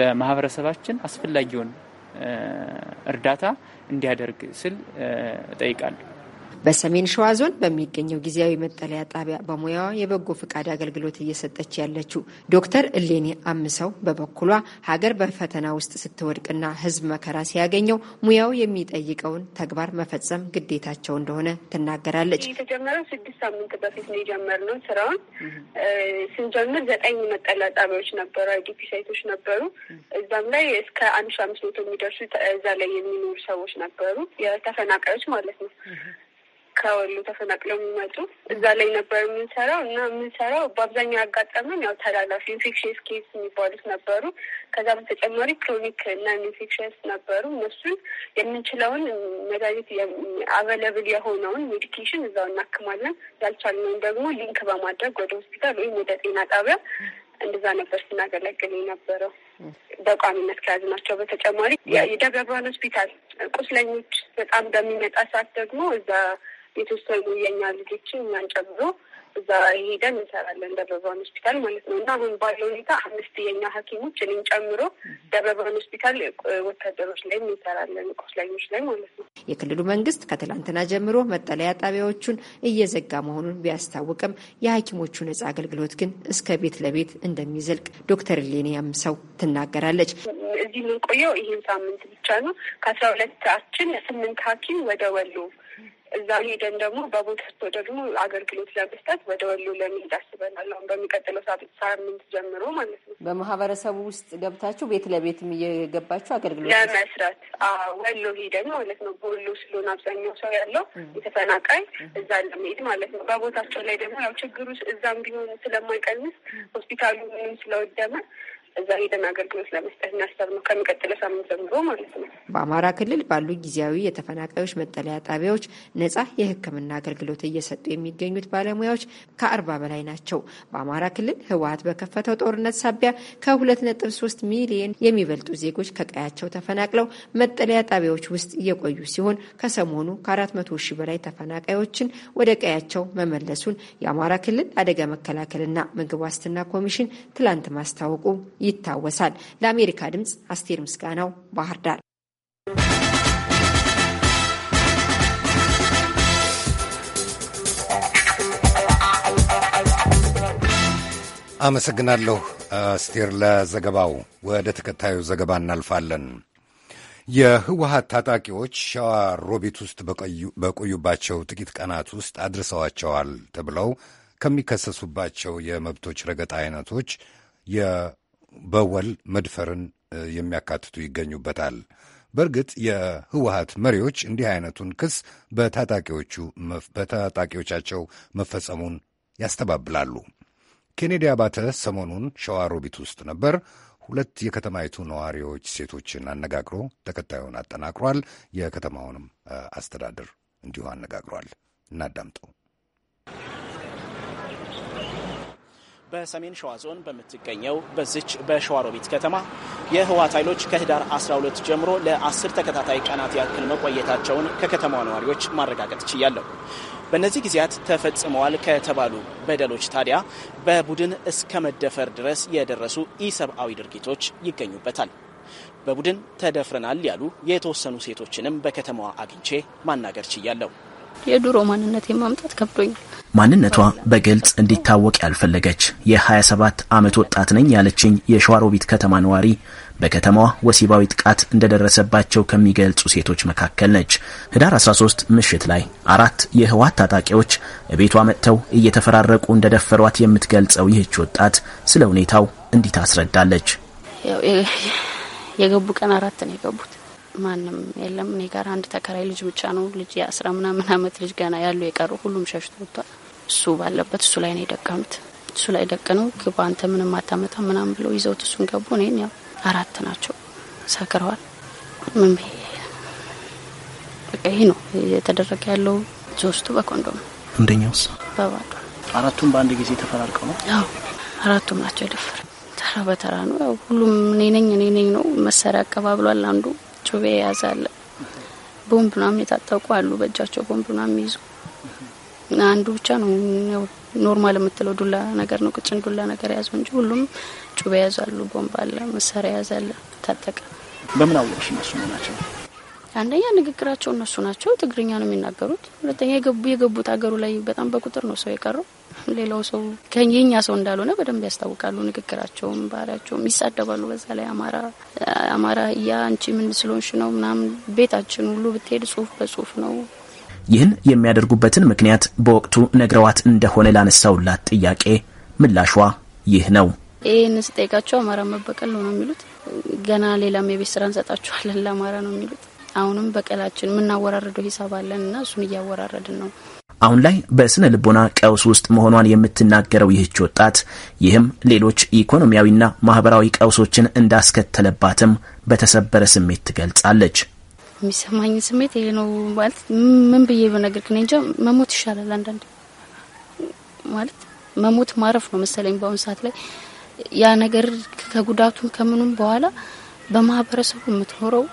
ለማህበረሰባችን አስፈላጊውን እርዳታ እንዲያደርግ ስል እጠይቃለሁ። በሰሜን ሸዋ ዞን በሚገኘው ጊዜያዊ መጠለያ ጣቢያ በሙያዋ የበጎ ፈቃድ አገልግሎት እየሰጠች ያለችው ዶክተር እሌኒ አምሰው በበኩሏ ሀገር በፈተና ውስጥ ስትወድቅና ሕዝብ መከራ ሲያገኘው ሙያው የሚጠይቀውን ተግባር መፈጸም ግዴታቸው እንደሆነ ትናገራለች። የተጀመረው ስድስት ሳምንት በፊት ነው የጀመርነው ስራውን። ስንጀምር ዘጠኝ መጠለያ ጣቢያዎች ነበሩ፣ አይዲፒ ሳይቶች ነበሩ። እዛም ላይ እስከ አንድ ሺ አምስት መቶ የሚደርሱ እዛ ላይ የሚኖሩ ሰዎች ነበሩ፣ የተፈናቃዮች ማለት ነው። ከወሎ ተፈናቅለው የሚመጡ እዛ ላይ ነበር የምንሰራው እና የምንሰራው በአብዛኛው ያጋጠመን ያው ተላላፊ ኢንፌክሽንስ ኬስ የሚባሉት ነበሩ። ከዛ በተጨማሪ ክሮኒክ እና ኢንፌክሽንስ ነበሩ። እነሱን የምንችለውን መድኃኒት አቬለብል የሆነውን ሜዲኬሽን እዛው እናክማለን። ያልቻልነውን ደግሞ ሊንክ በማድረግ ወደ ሆስፒታል ወይም ወደ ጤና ጣቢያ እንደዛ ነበር ስናገለግል የነበረው በቋሚነት ናቸው በተጨማሪ የደብረ ብርሃን ሆስፒታል ቁስለኞች በጣም በሚመጣ ሰዓት ደግሞ እዛ የተወሰኑ የኛ ልጆችን እኛን ጨምሮ እዛ ሄደን እንሰራለን ደብረብርሃን ሆስፒታል ማለት ነው። እና አሁን ባለው ሁኔታ አምስት የኛ ሐኪሞች እኔም ጨምሮ ደብረብርሃን ሆስፒታል ወታደሮች ላይም እንሰራለን ቆስለኞች ላይ ማለት ነው። የክልሉ መንግስት ከትላንትና ጀምሮ መጠለያ ጣቢያዎቹን እየዘጋ መሆኑን ቢያስታውቅም የሐኪሞቹ ነጻ አገልግሎት ግን እስከ ቤት ለቤት እንደሚዘልቅ ዶክተር ሌኒያም ሰው ትናገራለች። እዚህ የምንቆየው ይህን ሳምንት ብቻ ነው። ከአስራ ሁለታችን ስምንት ሐኪም ወደ ወሎ እዛ ሄደን ደግሞ በቦታቸው ደግሞ አገልግሎት ለመስጠት ወደ ወሎ ለመሄድ አስበናል። አሁን በሚቀጥለው ሳምንት ጀምሮ ማለት ነው። በማህበረሰቡ ውስጥ ገብታችሁ ቤት ለቤትም እየገባችሁ አገልግሎት ለመስራት ወሎ ሄደን ማለት ነው። በወሎ ስለሆነ አብዛኛው ሰው ያለው የተፈናቃይ እዛ ለመሄድ ማለት ነው። በቦታቸው ላይ ደግሞ ያው ችግሩ እዛም ቢሆን ስለማይቀንስ ሆስፒታሉ ምንም ስለወደመ እዛ ሄደን አገልግሎት ለመስጠት እናስታር ነው ከሚቀጥለው ሳምንት ጀምሮ ማለት ነው። በአማራ ክልል ባሉ ጊዜያዊ የተፈናቃዮች መጠለያ ጣቢያዎች ነጻ የሕክምና አገልግሎት እየሰጡ የሚገኙት ባለሙያዎች ከአርባ በላይ ናቸው። በአማራ ክልል ህወሀት በከፈተው ጦርነት ሳቢያ ከሁለት ነጥብ ሶስት ሚሊየን የሚበልጡ ዜጎች ከቀያቸው ተፈናቅለው መጠለያ ጣቢያዎች ውስጥ እየቆዩ ሲሆን ከሰሞኑ ከአራት መቶ ሺህ በላይ ተፈናቃዮችን ወደ ቀያቸው መመለሱን የአማራ ክልል አደጋ መከላከልና ምግብ ዋስትና ኮሚሽን ትላንት ማስታወቁ ይታወሳል። ለአሜሪካ ድምፅ አስቴር ምስጋናው ባህር ዳር። አመሰግናለሁ አስቴር ለዘገባው። ወደ ተከታዩ ዘገባ እናልፋለን። የህወሀት ታጣቂዎች ሸዋ ሮቢት ውስጥ በቆዩባቸው ጥቂት ቀናት ውስጥ አድርሰዋቸዋል ተብለው ከሚከሰሱባቸው የመብቶች ረገጣ አይነቶች በወል መድፈርን የሚያካትቱ ይገኙበታል። በእርግጥ የህወሀት መሪዎች እንዲህ አይነቱን ክስ በታጣቂዎቹ በታጣቂዎቻቸው መፈጸሙን ያስተባብላሉ። ኬኔዲ አባተ ሰሞኑን ሸዋሮቢት ውስጥ ነበር። ሁለት የከተማይቱ ነዋሪዎች ሴቶችን አነጋግሮ ተከታዩን አጠናቅሯል። የከተማውንም አስተዳደር እንዲሁ አነጋግሯል። እናዳምጠው። በሰሜን ሸዋ ዞን በምትገኘው በዚች በሸዋሮቢት ከተማ የህወሓት ኃይሎች ከህዳር 12 ጀምሮ ለአስር ተከታታይ ቀናት ያክል መቆየታቸውን ከከተማዋ ነዋሪዎች ማረጋገጥ ችያለሁ። በእነዚህ ጊዜያት ተፈጽመዋል ከተባሉ በደሎች ታዲያ በቡድን እስከ መደፈር ድረስ የደረሱ ኢሰብአዊ ድርጊቶች ይገኙበታል። በቡድን ተደፍረናል ያሉ የተወሰኑ ሴቶችንም በከተማዋ አግኝቼ ማናገር ችያለሁ። የድሮ ማንነት የማምጣት ከብዶኛል። ማንነቷ በግልጽ እንዲታወቅ ያልፈለገች የ27 ዓመት ወጣት ነኝ ያለችኝ የሸዋሮቢት ከተማ ነዋሪ በከተማዋ ወሲባዊ ጥቃት እንደደረሰባቸው ከሚገልጹ ሴቶች መካከል ነች። ህዳር 13 ምሽት ላይ አራት የህወሓት ታጣቂዎች ቤቷ መጥተው እየተፈራረቁ እንደደፈሯት የምትገልጸው ይህች ወጣት ስለ ሁኔታው እንዲህ የገቡ ቀን አራት ነው የገቡት ማንም የለም። እኔ ጋር አንድ ተከራይ ልጅ ብቻ ነው። ልጅ የአስራ ምናምን አመት ልጅ ገና ያሉ የቀሩ ሁሉም ሸሽቶ ወጥቷል። እሱ ባለበት እሱ ላይ ነው የደቀኑት። እሱ ላይ ደቅነው ግባ አንተ ምንም አታመጣ ምናምን ብለው ይዘውት እሱን ገቡ። እኔን ያው አራት ናቸው ሰክረዋል። ምን በቃ ይሄ ነው የተደረገ ያለው። ሶስቱ በኮንዶም አንደኛውስ በባዶ አራቱም በአንድ ጊዜ ተፈራርቀው ነው። አዎ አራቱም ናቸው የደፈረ ተራ በተራ ነው። ያው ሁሉም እኔ ነኝ እኔ ነኝ ነው መሳሪያ አቀባብሏል አንዱ ጩቤ የያዛለ ቦምብ ምናምን የታጠቁ አሉ። በእጃቸው ቦምብ ምናምን ይዙ አንዱ ብቻ ነው ኖርማል የምትለው ዱላ ነገር ነው፣ ቅጭን ዱላ ነገር የያዘው እንጂ ሁሉም ጩቤ ያዛሉ ቦምብ አለ፣ መሳሪያ ያዛለ ታጠቀ። በምን አወቅሽ እነሱ ናቸው? አንደኛ ንግግራቸው እነሱ ናቸው፣ ትግርኛ ነው የሚናገሩት። ሁለተኛ የገቡት ሀገሩ ላይ በጣም በቁጥር ነው ሰው የቀረው ሌላው ሰው ከኛ ሰው እንዳልሆነ በደንብ ያስታውቃሉ። ንግግራቸውም፣ ባህሪያቸውም ይሳደባሉ። በዛ ላይ አማራ አማራ እያ አንቺ ምን ስለሆንሽ ነው ምናምን ቤታችን ሁሉ ብትሄድ ጽሁፍ በጽሁፍ ነው። ይህን የሚያደርጉበትን ምክንያት በወቅቱ ነግረዋት እንደሆነ ላነሳውላት ጥያቄ ምላሿ ይህ ነው። ይህን ስጠይቃቸው አማራ መበቀል ነው ነው የሚሉት። ገና ሌላም የቤት ስራ እንሰጣችኋለን ለአማራ ነው የሚሉት። አሁንም በቀላችን የምናወራረደው ሂሳብ አለን እና እሱን እያወራረድን ነው አሁን ላይ በስነ ልቦና ቀውስ ውስጥ መሆኗን የምትናገረው ይህች ወጣት ይህም ሌሎች ኢኮኖሚያዊና ማህበራዊ ቀውሶችን እንዳስከተለባትም በተሰበረ ስሜት ትገልጻለች። የሚሰማኝ ስሜት ይሄ ነው ማለት ምን ብዬ በነገር ግን እንጃ መሞት ይሻላል። አንዳንድ ማለት መሞት ማረፍ ነው መሰለኝ በአሁኑ ሰዓት ላይ ያ ነገር ከጉዳቱም ከምኑም በኋላ በማህበረሰቡ የምትኖረው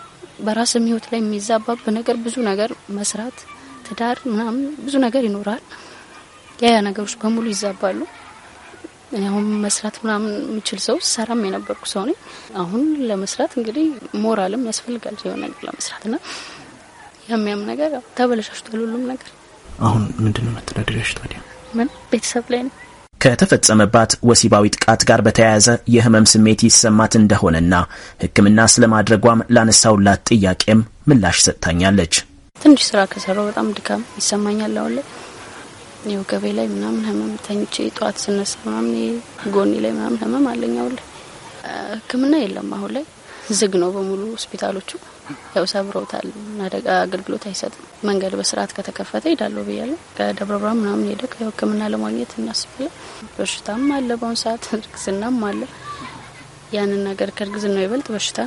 በራስም ህይወት ላይ የሚዛባብ ነገር ብዙ ነገር መስራት ትዳር ምናምን ብዙ ነገር ይኖራል። ያ ያ ነገሮች በሙሉ ይዛባሉ። አሁን መስራት ምናምን የምችል ሰው ሰራም የነበርኩ ሰው ነኝ። አሁን ለመስራት እንግዲህ ሞራልም ያስፈልጋል የሆነ ነገር ለመስራት ና የሚያም ነገር ተበለሻሽቷል። ሁሉም ነገር አሁን ምንድን ነው መተዳደሪያሽ ታዲያ? ምን ቤተሰብ ላይ ነው ከተፈጸመባት ወሲባዊ ጥቃት ጋር በተያያዘ የህመም ስሜት ይሰማት እንደሆነና ሕክምና ስለማድረጓም ላነሳውላት ጥያቄም ምላሽ ሰጥታኛለች። ትንሽ ስራ ከሰራው በጣም ድካም ይሰማኛል። አሁን ላይ ወገቤ ላይ ምናምን ህመም ተኝቼ ጠዋት ስነሳ ምናምን ጎኔ ላይ ምናምን ህመም አለኝ። አሁን ላይ ሕክምና የለም። አሁን ላይ ዝግ ነው በሙሉ ሆስፒታሎቹ። ያው ሰብረውታል። አደጋ አገልግሎት አይሰጥም። መንገድ በስርዓት ከተከፈተ ሄዳለሁ ብያለሁ። ከደብረ ብርሃን ምናምን ሄደ ሕክምና ለማግኘት እናስብለን። በሽታም አለ በአሁኑ ሰዓት እርግዝናም አለ። ያንን ነገር ከእርግዝናው ይበልጥ በሽታ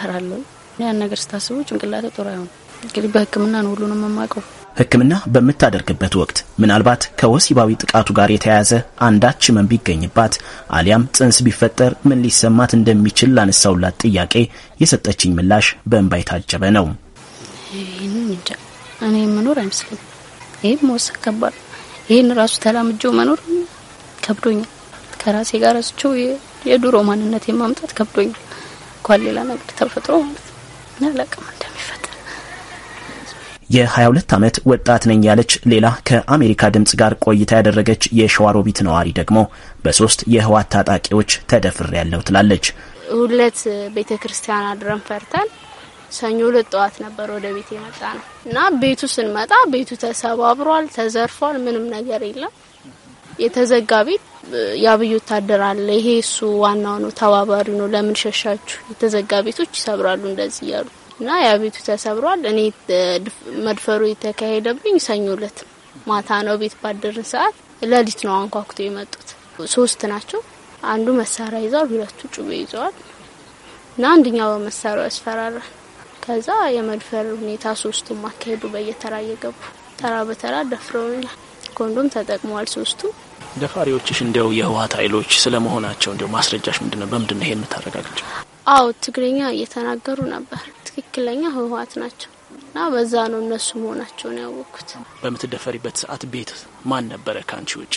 ፈራለሁ። ያን ነገር ስታስቡ ጭንቅላቴ ጥሩ አይሆን እንግዲህ በህክምና ነው ሁሉንም የማውቀው። ህክምና በምታደርግበት ወቅት ምናልባት ከወሲባዊ ጥቃቱ ጋር የተያያዘ አንዳች ሕመም ቢገኝባት አሊያም ጽንስ ቢፈጠር ምን ሊሰማት እንደሚችል ላነሳውላት ጥያቄ የሰጠችኝ ምላሽ በእንባ የታጀበ ነው። እኔ መኖር አይመስልም። ይህም መወሰን ከባድ ይህን ራሱ ተላምጀው መኖር ከብዶኛል። ከራሴ ጋር ስቸው የድሮ ማንነት የማምጣት ከብዶኛል። እንኳን ሌላ ነገር ተፈጥሮ ማለት ነው። አላውቅም እንደ የ22 ዓመት ወጣት ነኝ ያለች ሌላ ከአሜሪካ ድምፅ ጋር ቆይታ ያደረገች የሸዋሮቢት ነዋሪ ደግሞ በሶስት የህወሓት ታጣቂዎች ተደፍር ያለው ትላለች። ሁለት ቤተ ክርስቲያን አድረን ፈርተን ሰኞ ሁለት ጠዋት ነበር ወደ ቤት የመጣ ነው እና ቤቱ ስንመጣ ቤቱ ተሰባብሯል፣ ተዘርፏል፣ ምንም ነገር የለም። የተዘጋ ቤት የአብይ ወታደር አለ፣ ይሄ እሱ ዋናው ነው፣ ተባባሪ ነው፣ ለምን ሸሻችሁ? የተዘጋ ቤቶች ይሰብራሉ እንደዚህ እያሉ እና ያቤቱ ተሰብሯል። እኔ መድፈሩ የተካሄደብኝ ሰኞ ማታ ነው። ቤት ባደርን ሰዓት ሌሊት ነው አንኳኩቶ የመጡት። ሶስት ናቸው። አንዱ መሳሪያ ይዘዋል ሁለቱ ጩቤ ይዘዋል እና አንደኛው በመሳሪያው ያስፈራራል። ከዛ የመድፈር ሁኔታ ሶስቱም አካሄዱ በየተራ እየገቡ ተራ በተራ ደፍረውኛል። ኮንዶም ተጠቅመዋል ሶስቱ። ደፋሪዎችሽ እንዲያው የህወሀት ኃይሎች ስለመሆናቸው እንዲያው ማስረጃሽ ምንድነው? በምንድነው ይሄን የምታረጋግጭው? አዎ ትግርኛ እየተናገሩ ነበር። ትክክለኛ ህወሀት ናቸው እና በዛ ነው እነሱ መሆናቸውን ያወቅኩት። በምትደፈሪበት ሰዓት ቤት ማን ነበረ ከአንቺ ውጪ?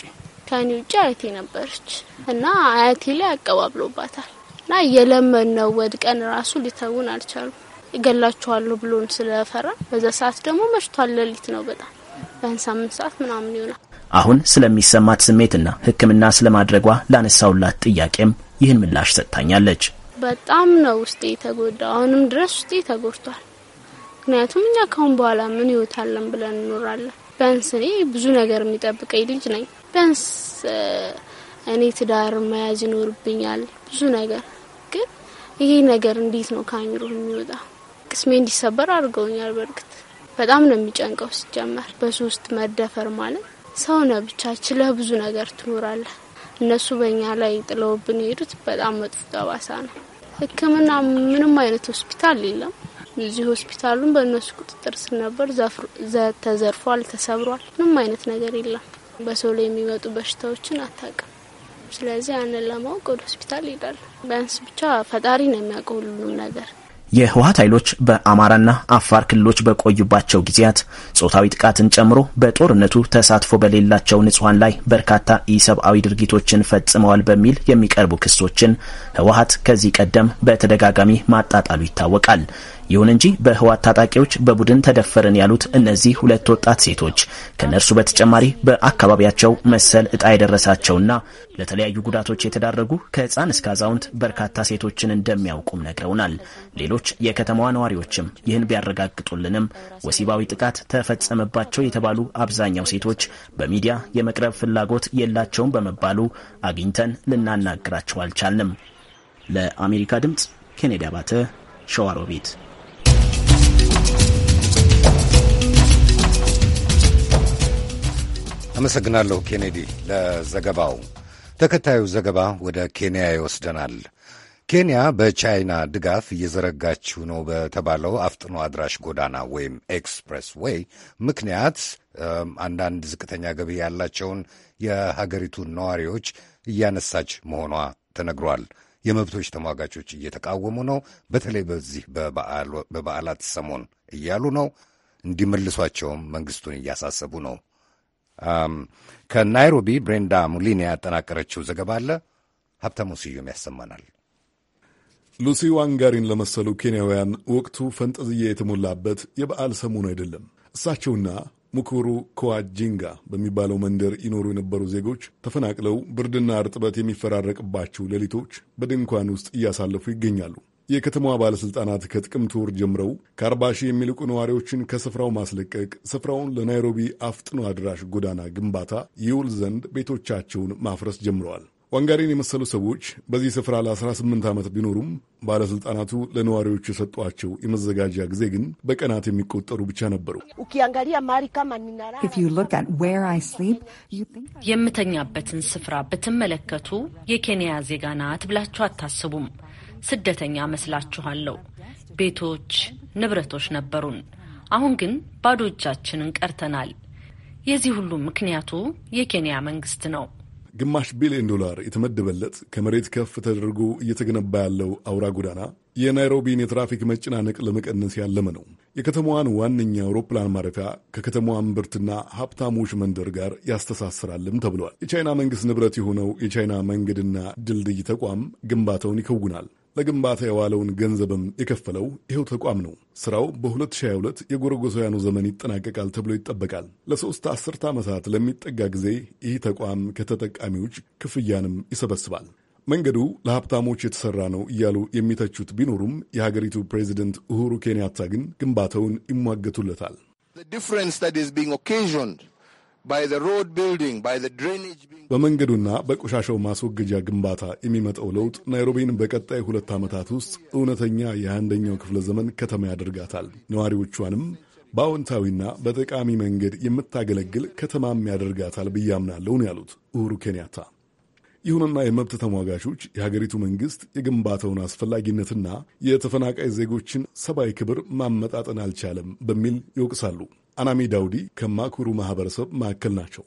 ከኔ ውጪ አያቴ ነበረች እና አያቴ ላይ አቀባብሎባታል እና እየለመን ነው ወድቀን ራሱ ሊተውን አልቻሉም። እገላችኋለሁ ብሎን ስለፈራ በዛ ሰዓት ደግሞ መሽቷል። ሌሊት ነው በጣም ቢያንስ ሳምንት ሰዓት ምናምን ይሆናል። አሁን ስለሚሰማት ስሜትና ሕክምና ስለማድረጓ ላነሳውላት ጥያቄም ይህን ምላሽ ሰጥታኛለች። በጣም ነው ውስጤ የተጎዳ አሁንም ድረስ ውስጤ ተጎድቷል። ምክንያቱም እኛ ካሁን በኋላ ምን ይወታለን አለን ብለን እንኖራለን? ቢያንስ እኔ ብዙ ነገር የሚጠብቀኝ ልጅ ነኝ። ቢያንስ እኔ ትዳር መያዝ ይኖርብኛል ብዙ ነገር። ግን ይሄ ነገር እንዴት ነው ከአእምሮ የሚወጣ? ቅስሜ እንዲሰበር አድርገውኛል። በእርግጥ በጣም ነው የሚጨንቀው። ሲጀመር በሶስት መደፈር ማለት ሰው ነ ብቻ ችለህ ብዙ ነገር ትኖራለህ። እነሱ በእኛ ላይ ጥለውብን የሄዱት በጣም መጥፎ ጠባሳ ነው። ሕክምና ምንም አይነት ሆስፒታል የለም። እዚህ ሆስፒታሉን በእነሱ ቁጥጥር ስር ነበር። ተዘርፏል፣ ተሰብሯል። ምንም አይነት ነገር የለም። በሰው ላይ የሚመጡ በሽታዎችን አታውቅም። ስለዚህ ያንን ለማወቅ ወደ ሆስፒታል ይሄዳል። ቢያንስ ብቻ ፈጣሪ ነው የሚያውቀው ሁሉንም ነገር የህወሀት ኃይሎች በአማራና አፋር ክልሎች በቆዩባቸው ጊዜያት ጾታዊ ጥቃትን ጨምሮ በጦርነቱ ተሳትፎ በሌላቸው ንጹሐን ላይ በርካታ ኢሰብአዊ ድርጊቶችን ፈጽመዋል በሚል የሚቀርቡ ክሶችን ህወሀት ከዚህ ቀደም በተደጋጋሚ ማጣጣሉ ይታወቃል። ይሁን እንጂ በህወሓት ታጣቂዎች በቡድን ተደፈርን ያሉት እነዚህ ሁለት ወጣት ሴቶች ከእነርሱ በተጨማሪ በአካባቢያቸው መሰል ዕጣ የደረሳቸውና ለተለያዩ ጉዳቶች የተዳረጉ ከህፃን እስከ አዛውንት በርካታ ሴቶችን እንደሚያውቁም ነግረውናል። ሌሎች የከተማዋ ነዋሪዎችም ይህን ቢያረጋግጡልንም ወሲባዊ ጥቃት ተፈጸመባቸው የተባሉ አብዛኛው ሴቶች በሚዲያ የመቅረብ ፍላጎት የላቸውም በመባሉ አግኝተን ልናናግራቸው አልቻልንም። ለአሜሪካ ድምፅ ኬኔዲ አባተ ሸዋሮቢት አመሰግናለሁ ኬኔዲ ለዘገባው። ተከታዩ ዘገባ ወደ ኬንያ ይወስደናል። ኬንያ በቻይና ድጋፍ እየዘረጋችው ነው በተባለው አፍጥኖ አድራሽ ጎዳና ወይም ኤክስፕሬስ ዌይ ምክንያት አንዳንድ ዝቅተኛ ገቢ ያላቸውን የሀገሪቱን ነዋሪዎች እያነሳች መሆኗ ተነግሯል። የመብቶች ተሟጋቾች እየተቃወሙ ነው፣ በተለይ በዚህ በበዓላት ሰሞን እያሉ ነው። እንዲመልሷቸውም መንግስቱን እያሳሰቡ ነው። ከናይሮቢ ብሬንዳ ሙሊኒ ያጠናቀረችው ዘገባ አለ። ሀብታሙ ስዩም ያሰማናል። ሉሲ ዋንጋሪን ለመሰሉ ኬንያውያን ወቅቱ ፈንጠዝያ የተሞላበት የበዓል ሰሞኑ አይደለም። እሳቸውና ሙኩሩ ኮዋጂንጋ በሚባለው መንደር ይኖሩ የነበሩ ዜጎች ተፈናቅለው ብርድና እርጥበት የሚፈራረቅባቸው ሌሊቶች በድንኳን ውስጥ እያሳለፉ ይገኛሉ። የከተማዋ ባለሥልጣናት ከጥቅምት ወር ጀምረው ከአርባ ሺህ የሚልቁ ነዋሪዎችን ከስፍራው ማስለቀቅ ስፍራውን ለናይሮቢ አፍጥኖ አድራሽ ጎዳና ግንባታ ይውል ዘንድ ቤቶቻቸውን ማፍረስ ጀምረዋል። ዋንጋሪን የመሰሉ ሰዎች በዚህ ስፍራ ለ18 ዓመት ቢኖሩም ባለሥልጣናቱ ለነዋሪዎቹ የሰጧቸው የመዘጋጃ ጊዜ ግን በቀናት የሚቆጠሩ ብቻ ነበሩ። የምተኛበትን ስፍራ ብትመለከቱ የኬንያ ዜጋ ናት ብላችሁ አታስቡም። ስደተኛ መስላችኋለሁ። ቤቶች፣ ንብረቶች ነበሩን። አሁን ግን ባዶ እጃችንን ቀርተናል። የዚህ ሁሉም ምክንያቱ የኬንያ መንግስት ነው። ግማሽ ቢሊዮን ዶላር የተመደበለት ከመሬት ከፍ ተደርጎ እየተገነባ ያለው አውራ ጎዳና የናይሮቢን የትራፊክ መጨናነቅ ለመቀነስ ያለመ ነው። የከተማዋን ዋነኛ አውሮፕላን ማረፊያ ከከተማዋ እምብርትና ሀብታሞች መንደር ጋር ያስተሳስራልም ተብሏል። የቻይና መንግሥት ንብረት የሆነው የቻይና መንገድና ድልድይ ተቋም ግንባታውን ይከውናል። ለግንባታ የዋለውን ገንዘብም የከፈለው ይኸው ተቋም ነው። ስራው በ2022 የጎረጎሳውያኑ ዘመን ይጠናቀቃል ተብሎ ይጠበቃል። ለሶስት አስርተ ዓመታት ለሚጠጋ ጊዜ ይህ ተቋም ከተጠቃሚዎች ክፍያንም ይሰበስባል። መንገዱ ለሀብታሞች የተሰራ ነው እያሉ የሚተቹት ቢኖሩም የሀገሪቱ ፕሬዚደንት ኡሁሩ ኬንያታ ግን ግንባታውን ይሟገቱለታል። በመንገዱና በቆሻሻው ማስወገጃ ግንባታ የሚመጣው ለውጥ ናይሮቢን በቀጣይ ሁለት ዓመታት ውስጥ እውነተኛ የአንደኛው ክፍለ ዘመን ከተማ ያደርጋታል። ነዋሪዎቿንም በአዎንታዊና በጠቃሚ መንገድ የምታገለግል ከተማም ያደርጋታል ብዬ ነው ያሉት ኡሁሩ ኬንያታ። ይሁንና የመብት ተሟጋቾች የሀገሪቱ መንግሥት የግንባታውን አስፈላጊነትና የተፈናቃይ ዜጎችን ሰብአዊ ክብር ማመጣጠን አልቻለም በሚል ይወቅሳሉ። አናሚ ዳውዲ ከማኩሩ ማህበረሰብ መካከል ናቸው።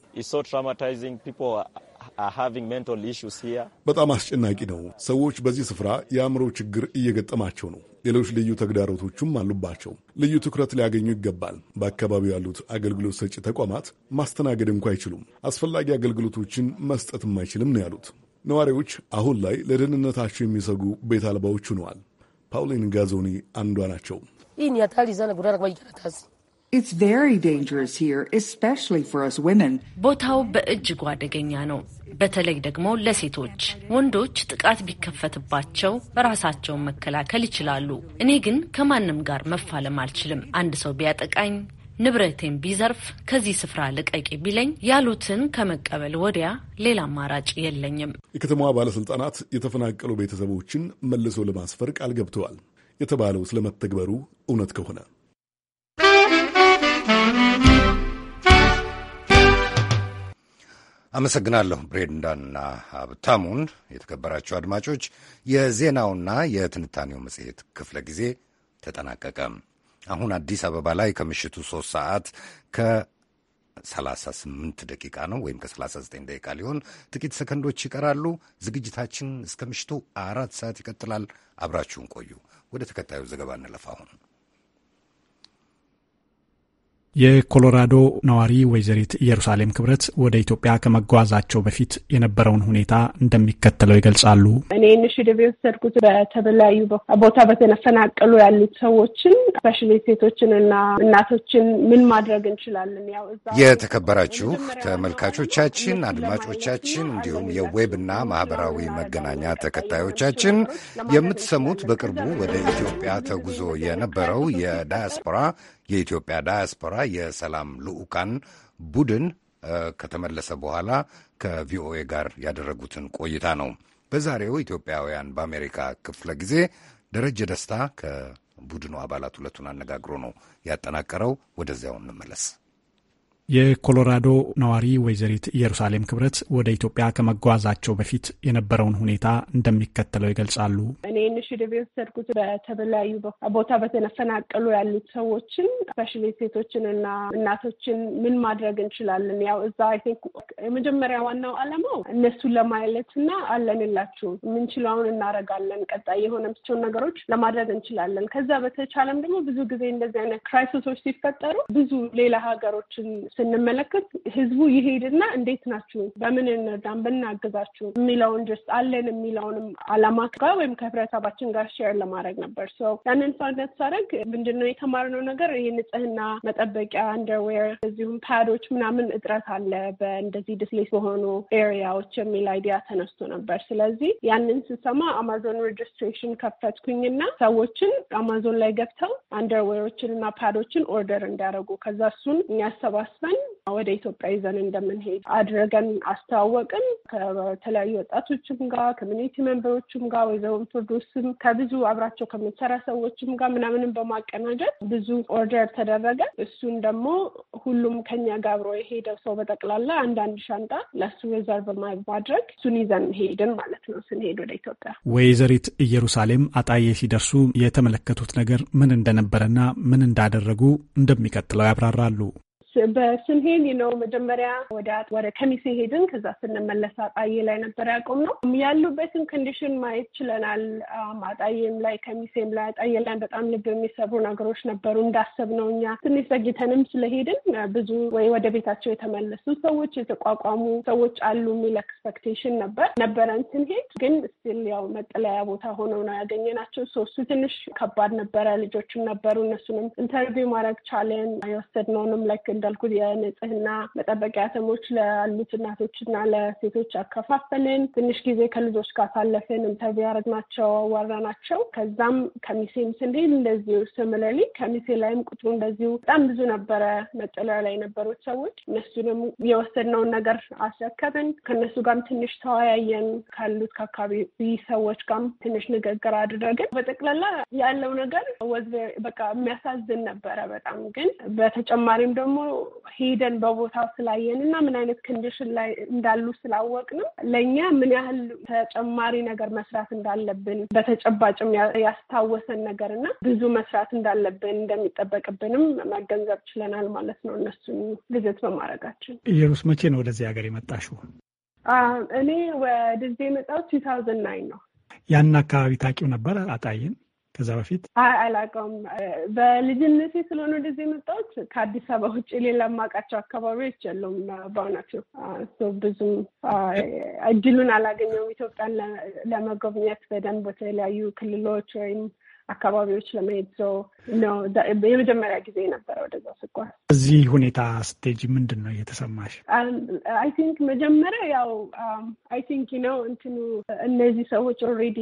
በጣም አስጨናቂ ነው። ሰዎች በዚህ ስፍራ የአእምሮ ችግር እየገጠማቸው ነው። ሌሎች ልዩ ተግዳሮቶችም አሉባቸው። ልዩ ትኩረት ሊያገኙ ይገባል። በአካባቢው ያሉት አገልግሎት ሰጪ ተቋማት ማስተናገድ እንኳ አይችሉም። አስፈላጊ አገልግሎቶችን መስጠትም አይችልም ነው ያሉት ነዋሪዎች። አሁን ላይ ለደህንነታቸው የሚሰጉ ቤት አልባዎች ሆነዋል። ፓውሊን ጋዞኒ አንዷ ናቸው። ቦታው በእጅጉ አደገኛ ነው፣ በተለይ ደግሞ ለሴቶች። ወንዶች ጥቃት ቢከፈትባቸው ራሳቸውን መከላከል ይችላሉ። እኔ ግን ከማንም ጋር መፋለም አልችልም። አንድ ሰው ቢያጠቃኝ ንብረቴን ቢዘርፍ ከዚህ ስፍራ ልቀቂ ቢለኝ ያሉትን ከመቀበል ወዲያ ሌላ አማራጭ የለኝም። የከተማዋ ባለስልጣናት የተፈናቀሉ ቤተሰቦችን መልሶ ለማስፈር ቃል ገብተዋል። የተባለው ስለመተግበሩ እውነት ከሆነ አመሰግናለሁ ብሬንዳንና ሀብታሙን። የተከበራችሁ አድማጮች፣ የዜናውና የትንታኔው መጽሔት ክፍለ ጊዜ ተጠናቀቀ። አሁን አዲስ አበባ ላይ ከምሽቱ ሶስት ሰዓት ከ38 ደቂቃ ነው ወይም ከ39 ደቂቃ ሊሆን ጥቂት ሰከንዶች ይቀራሉ። ዝግጅታችን እስከ ምሽቱ አራት ሰዓት ይቀጥላል። አብራችሁን ቆዩ። ወደ ተከታዩ ዘገባ እንለፍ አሁን የኮሎራዶ ነዋሪ ወይዘሪት ኢየሩሳሌም ክብረት ወደ ኢትዮጵያ ከመጓዛቸው በፊት የነበረውን ሁኔታ እንደሚከተለው ይገልጻሉ። እኔ ኢኒሽቲቭ የወሰድኩት በተለያዩ ቦታ በተፈናቀሉ ያሉት ሰዎችን ስፔሻሊ ሴቶችን እና እናቶችን ምን ማድረግ እንችላለን። ያው የተከበራችሁ ተመልካቾቻችን፣ አድማጮቻችን እንዲሁም የዌብና ማህበራዊ መገናኛ ተከታዮቻችን የምትሰሙት በቅርቡ ወደ ኢትዮጵያ ተጉዞ የነበረው የዳያስፖራ የኢትዮጵያ ዳያስፖራ የሰላም ልዑካን ቡድን ከተመለሰ በኋላ ከቪኦኤ ጋር ያደረጉትን ቆይታ ነው። በዛሬው ኢትዮጵያውያን በአሜሪካ ክፍለ ጊዜ ደረጀ ደስታ ከቡድኑ አባላት ሁለቱን አነጋግሮ ነው ያጠናቀረው። ወደዚያው እንመለስ። የኮሎራዶ ነዋሪ ወይዘሪት ኢየሩሳሌም ክብረት ወደ ኢትዮጵያ ከመጓዛቸው በፊት የነበረውን ሁኔታ እንደሚከተለው ይገልጻሉ። እኔ ንሽ ደብ የወሰድኩት በተለያዩ ቦታ በተፈናቀሉ ያሉት ሰዎችን ስፔሻሊ ሴቶችን እና እናቶችን ምን ማድረግ እንችላለን? ያው እዛ አይ ቲንክ የመጀመሪያ ዋናው ዓላማው እነሱን ለማየለት እና አለንላችሁ የምንችለውን እናደርጋለን፣ ቀጣይ የሆነ ምቸውን ነገሮች ለማድረግ እንችላለን። ከዛ በተቻለም ደግሞ ብዙ ጊዜ እንደዚህ አይነት ክራይሲሶች ሲፈጠሩ ብዙ ሌላ ሀገሮችን ስንመለከት ህዝቡ ይሄድና እንዴት ናችሁ፣ በምን እንርዳን፣ ብናግዛችሁ የሚለውን ጀስት አለን የሚለውንም አላማ ጋር ወይም ከህብረተሰባችን ጋር ሼር ለማድረግ ነበር። ሰው ያንን ፋነት ሳደርግ ምንድን ነው የተማርነው ነገር ይህ ንጽህና መጠበቂያ አንደርዌር፣ እዚሁም ፓዶች ምናምን እጥረት አለ በእንደዚህ ዲስሌስ በሆኑ ኤሪያዎች የሚል አይዲያ ተነስቶ ነበር። ስለዚህ ያንን ስሰማ አማዞን ሬጅስትሬሽን ከፈትኩኝና ሰዎችን አማዞን ላይ ገብተው አንደርዌሮችን እና ፓዶችን ኦርደር እንዲያደርጉ ከዛ እሱን የሚያሰባስበ አውጥተን ወደ ኢትዮጵያ ይዘን እንደምንሄድ አድረገን አስተዋወቅን። ከተለያዩ ወጣቶችም ጋር ኮሚኒቲ መንበሮችም ጋር ወይዘሮ ኦርቶዶክስም ከብዙ አብራቸው ከምትሰራ ሰዎችም ጋር ምናምንም በማቀናጀት ብዙ ኦርደር ተደረገ። እሱን ደግሞ ሁሉም ከኛ ጋር አብሮ የሄደው ሰው በጠቅላላ አንዳንድ ሻንጣ ለሱ ሪዘርቭ ማድረግ እሱን ይዘን ሄድን ማለት ነው። ስንሄድ ወደ ኢትዮጵያ ወይዘሪት ኢየሩሳሌም አጣዬ ሲደርሱ የተመለከቱት ነገር ምን እንደነበረና ምን እንዳደረጉ እንደሚቀጥለው ያብራራሉ። በስንሄድ ነው መጀመሪያ ወደ ወደ ከሚሴ ሄድን። ከዛ ስንመለስ አጣዬ ላይ ነበር ያቆም ነው ያሉበትን ኮንዲሽን ማየት ችለናል። አጣዬም ላይ ከሚሴም ላይ አጣዬ ላይ በጣም ልብ የሚሰብሩ ነገሮች ነበሩ። እንዳሰብ ነው እኛ ትንሽ ዘግተንም ስለሄድን ብዙ ወይ ወደ ቤታቸው የተመለሱ ሰዎች፣ የተቋቋሙ ሰዎች አሉ የሚል ኤክስፐክቴሽን ነበር ነበረን ስንሄድ። ግን ስቲል ያው መጠለያ ቦታ ሆነው ነው ያገኘናቸው። ሶስቱ ትንሽ ከባድ ነበረ። ልጆችም ነበሩ። እነሱንም ኢንተርቪው ማድረግ ቻለን። የወሰድነውንም ላይክ እንዳልኩት የንጽህና መጠበቂያ ተሞች ላሉት እናቶችና ለሴቶች አከፋፈልን። ትንሽ ጊዜ ከልጆች ጋር አሳለፍን። ኢንተርቪው ያደረግናቸው ናቸው። ከዛም ከሚሴም ስንሄድ እንደዚሁ ስምለሊ ከሚሴ ላይም ቁጥሩ እንደዚሁ በጣም ብዙ ነበረ። መጠለያ ላይ የነበሩት ሰዎች እነሱንም የወሰድነውን ነገር አስረከብን። ከእነሱ ጋርም ትንሽ ተወያየን። ካሉት ከአካባቢ ሰዎች ጋርም ትንሽ ንግግር አድረግን። በጠቅላላ ያለው ነገር ወዝ በቃ የሚያሳዝን ነበረ በጣም ግን በተጨማሪም ደግሞ ሄደን በቦታው ስላየን እና ምን አይነት ኮንዲሽን ላይ እንዳሉ ስላወቅ ነው ለእኛ ምን ያህል ተጨማሪ ነገር መስራት እንዳለብን በተጨባጭም ያስታወሰን ነገር እና ብዙ መስራት እንዳለብን እንደሚጠበቅብንም መገንዘብ ችለናል ማለት ነው። እነሱን ቪዚት በማድረጋችን። ኢየሩስ መቼ ነው ወደዚህ ሀገር የመጣሽው? እኔ ወደዚህ የመጣው ቱ ታውዘንድ ናይን ነው። ያን አካባቢ ታውቂው ነበር አጣይን ከዛ በፊት አላውቀውም። በልጅነቴ ስለሆነ ወደዚህ የመጣሁት ከአዲስ አበባ ውጭ ሌላ የማውቃቸው አካባቢዎች የለውም። በእውነቱ ብዙም እድሉን አላገኘውም ኢትዮጵያን ለመጎብኘት በደንብ በተለያዩ ክልሎች ወይም አካባቢዎች ለመሄድ ሰው ነው። የመጀመሪያ ጊዜ ነበረ ወደዛ ስጓዝ። እዚህ ሁኔታ ስቴጅ ምንድን ነው እየተሰማሽ? አይ um, ቲንክ መጀመሪያ ያው አይ ቲንክ ነው እንትኑ እነዚህ ሰዎች ኦልሬዲ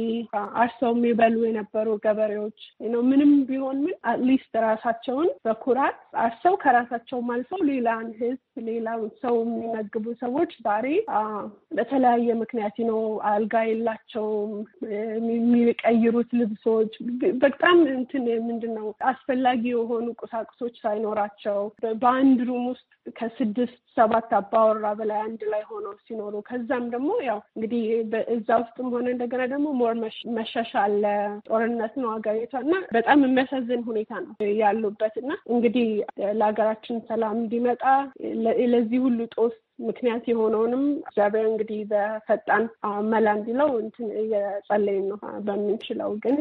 አርሰው የሚበሉ የነበሩ ገበሬዎች ነው ምንም ቢሆን ምን አትሊስት ራሳቸውን በኩራት አርሰው ከራሳቸውም አልፈው ሌላን ህዝብ ሌላ ሰው የሚመግቡ ሰዎች ዛሬ uh, በተለያየ ምክንያት ነው አልጋ የላቸውም የሚቀይሩት ልብሶች በጣም እንትን ምንድን ነው አስፈላጊ የሆኑ ቁሳቁሶች ሳይኖራቸው በአንድ ሩም ውስጥ ከስድስት ሰባት አባወራ በላይ አንድ ላይ ሆነው ሲኖሩ ከዛም ደግሞ ያው እንግዲህ እዛ ውስጥም ሆነ እንደገና ደግሞ ሞር መሸሻ አለ። ጦርነት ነው ሀገሪቷ እና በጣም የሚያሳዝን ሁኔታ ነው ያሉበት እና እንግዲህ ለሀገራችን ሰላም እንዲመጣ ለዚህ ሁሉ ጦስ ምክንያት የሆነውንም እግዚአብሔር እንግዲህ በፈጣን መላ እንዲለው እንትን እየጸለይ ነው በምንችለው። ግን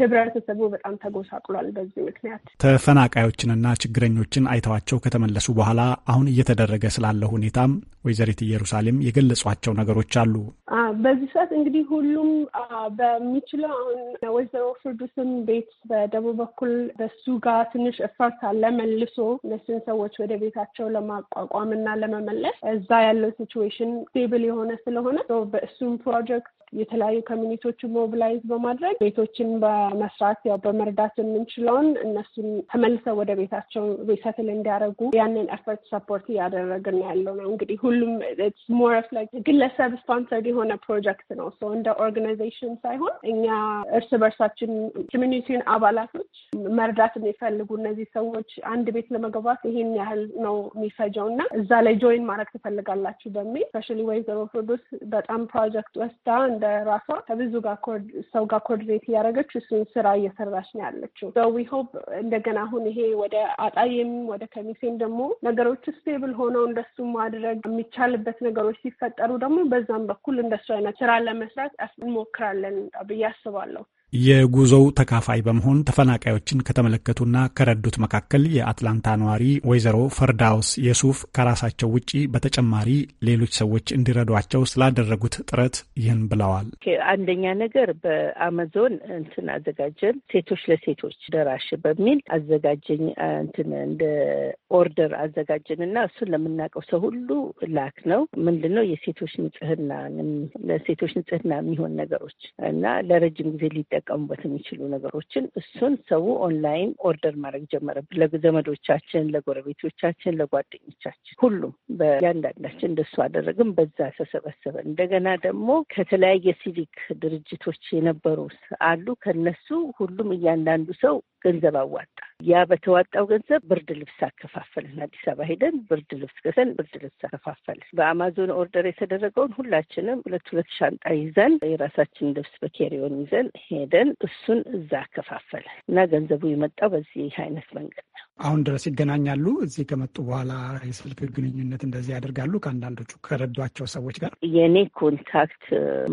ህብረተሰቡ በጣም ተጎሳቁሏል በዚህ ምክንያት ተፈናቃዮችንና ችግረኞችን አይተዋቸው ከተመለሱ በኋላ አሁን እየተደረገ ስላለ ሁኔታም ወይዘሪት ኢየሩሳሌም የገለጿቸው ነገሮች አሉ። በዚህ ሰዓት እንግዲህ ሁሉም በሚችለው አሁን ወይዘሮ ፍርዱስን ቤት በደቡብ በኩል በሱ ጋር ትንሽ እፈርት አለ መልሶ እነሱን ሰዎች ወደ ቤታቸው ለማቋቋም እና ለመመለስ አለ። እዛ ያለው ሲቹዌሽን ስቴብል የሆነ ስለሆነ በእሱም ፕሮጀክት የተለያዩ ኮሚኒቲዎችን ሞቢላይዝ በማድረግ ቤቶችን በመስራት ያው በመርዳት የምንችለውን እነሱን ተመልሰው ወደ ቤታቸው ሪሰትል እንዲያደርጉ ያንን ኤፈርት ሰፖርት እያደረግን ያለው ነው። እንግዲህ ሁሉም ሞር ኦፍ ላይክ ግለሰብ ስፖንሰርድ የሆነ ፕሮጀክት ነው። እንደ ኦርጋናይዜሽን ሳይሆን እኛ እርስ በርሳችን ኮሚኒቲን አባላቶች መርዳት የሚፈልጉ እነዚህ ሰዎች አንድ ቤት ለመግባት ይሄን ያህል ነው የሚፈጀው እና እዛ ላይ ጆይን ማድረግ ትፈልጋላችሁ በሚል ስፔሻሊ ወይዘሮ ፍርዱስ በጣም ፕሮጀክት ወስዳ እንደ ራሷ ከብዙ ሰው ጋር ኮርዲኔት እያደረገች እሱን ስራ እየሰራች ነው ያለችው። ዊ ሆፕ እንደገና አሁን ይሄ ወደ አጣዬም ወደ ከሚሴም ደግሞ ነገሮች ስቴብል ሆነው እንደሱ ማድረግ የሚቻልበት ነገሮች ሲፈጠሩ ደግሞ በዛም በኩል እንደሱ አይነት ስራ ለመስራት እንሞክራለን ብዬ አስባለሁ። የጉዞው ተካፋይ በመሆን ተፈናቃዮችን ከተመለከቱና ከረዱት መካከል የአትላንታ ነዋሪ ወይዘሮ ፈርዳውስ የሱፍ ከራሳቸው ውጪ በተጨማሪ ሌሎች ሰዎች እንዲረዷቸው ስላደረጉት ጥረት ይህን ብለዋል። አንደኛ ነገር በአማዞን እንትን አዘጋጀን። ሴቶች ለሴቶች ደራሽ በሚል አዘጋጀኝ እንትን እንደ ኦርደር አዘጋጀን እና እሱን ለምናውቀው ሰው ሁሉ ላክ ነው። ምንድን ነው የሴቶች ንጽህና ለሴቶች ንጽህና የሚሆን ነገሮች እና ለረጅም ጊዜ ሊጠ ሊጠቀሙበት የሚችሉ ነገሮችን እሱን ሰው ኦንላይን ኦርደር ማድረግ ጀመረ። ለዘመዶቻችን፣ ለጎረቤቶቻችን፣ ለጓደኞቻችን ሁሉም በእያንዳንዳችን እንደሱ አደረግም። በዛ ተሰበሰበ። እንደገና ደግሞ ከተለያየ ሲቪክ ድርጅቶች የነበሩ አሉ። ከነሱ ሁሉም እያንዳንዱ ሰው ገንዘብ አዋጣ። ያ በተዋጣው ገንዘብ ብርድ ልብስ አከፋፈልን። አዲስ አበባ ሄደን ብርድ ልብስ ገዘን፣ ብርድ ልብስ አከፋፈልን። በአማዞን ኦርደር የተደረገውን ሁላችንም ሁለት ሁለት ሻንጣ ይዘን የራሳችን ልብስ በኬሪዮን ይዘን ሄደን እሱን እዛ አከፋፈልን እና ገንዘቡ የመጣው በዚህ አይነት መንገድ ነው። አሁን ድረስ ይገናኛሉ። እዚህ ከመጡ በኋላ የስልክ ግንኙነት እንደዚህ ያደርጋሉ ከአንዳንዶቹ ከረዷቸው ሰዎች ጋር። የእኔ ኮንታክት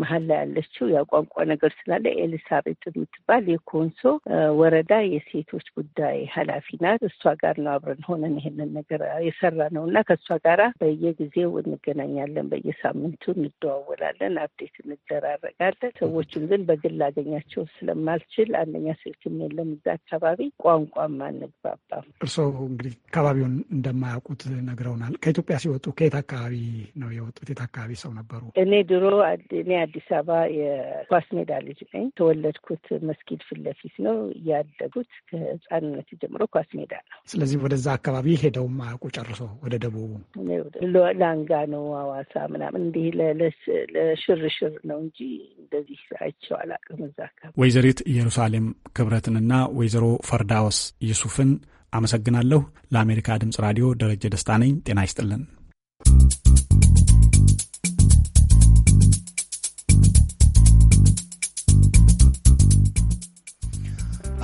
መሀል ላይ ያለችው ያቋንቋ ነገር ስላለ ኤሊሳቤት የምትባል የኮንሶ ወረዳ የሴቶች ጉዳይ ኃላፊ ናት። እሷ ጋር ነው አብረን ሆነን ይሄንን ነገር የሰራ ነው እና ከእሷ ጋር በየጊዜው እንገናኛለን፣ በየሳምንቱ እንደዋወላለን፣ አፕዴት እንደራረጋለን። ሰዎቹን ግን በግል አገኛቸው ስለማልችል አንደኛ ስልክም የለም እዛ አካባቢ ቋንቋም አንግባባም። እርስዎ እንግዲህ አካባቢውን እንደማያውቁት ነግረውናል። ከኢትዮጵያ ሲወጡ ከየት አካባቢ ነው የወጡት? የት አካባቢ ሰው ነበሩ? እኔ ድሮ እኔ አዲስ አበባ የኳስ ሜዳ ልጅ ነኝ። ተወለድኩት መስጊድ ፊት ለፊት ነው ያደጉት። ከህፃንነት ጀምሮ ኳስ ሜዳ ነው። ስለዚህ ወደዛ አካባቢ ሄደው ማያውቁ ጨርሶ? ወደ ደቡቡ ላንጋ ነው አዋሳ ምናምን እንዲህ ለሽርሽር ነው እንጂ እንደዚህ አይቼው አላውቅም እዛ አካባቢ። ወይዘሪት ኢየሩሳሌም ክብረትንና ወይዘሮ ፈርዳውስ ዩሱፍን አመሰግናለሁ። ለአሜሪካ ድምፅ ራዲዮ ደረጀ ደስታ ነኝ። ጤና ይስጥልን።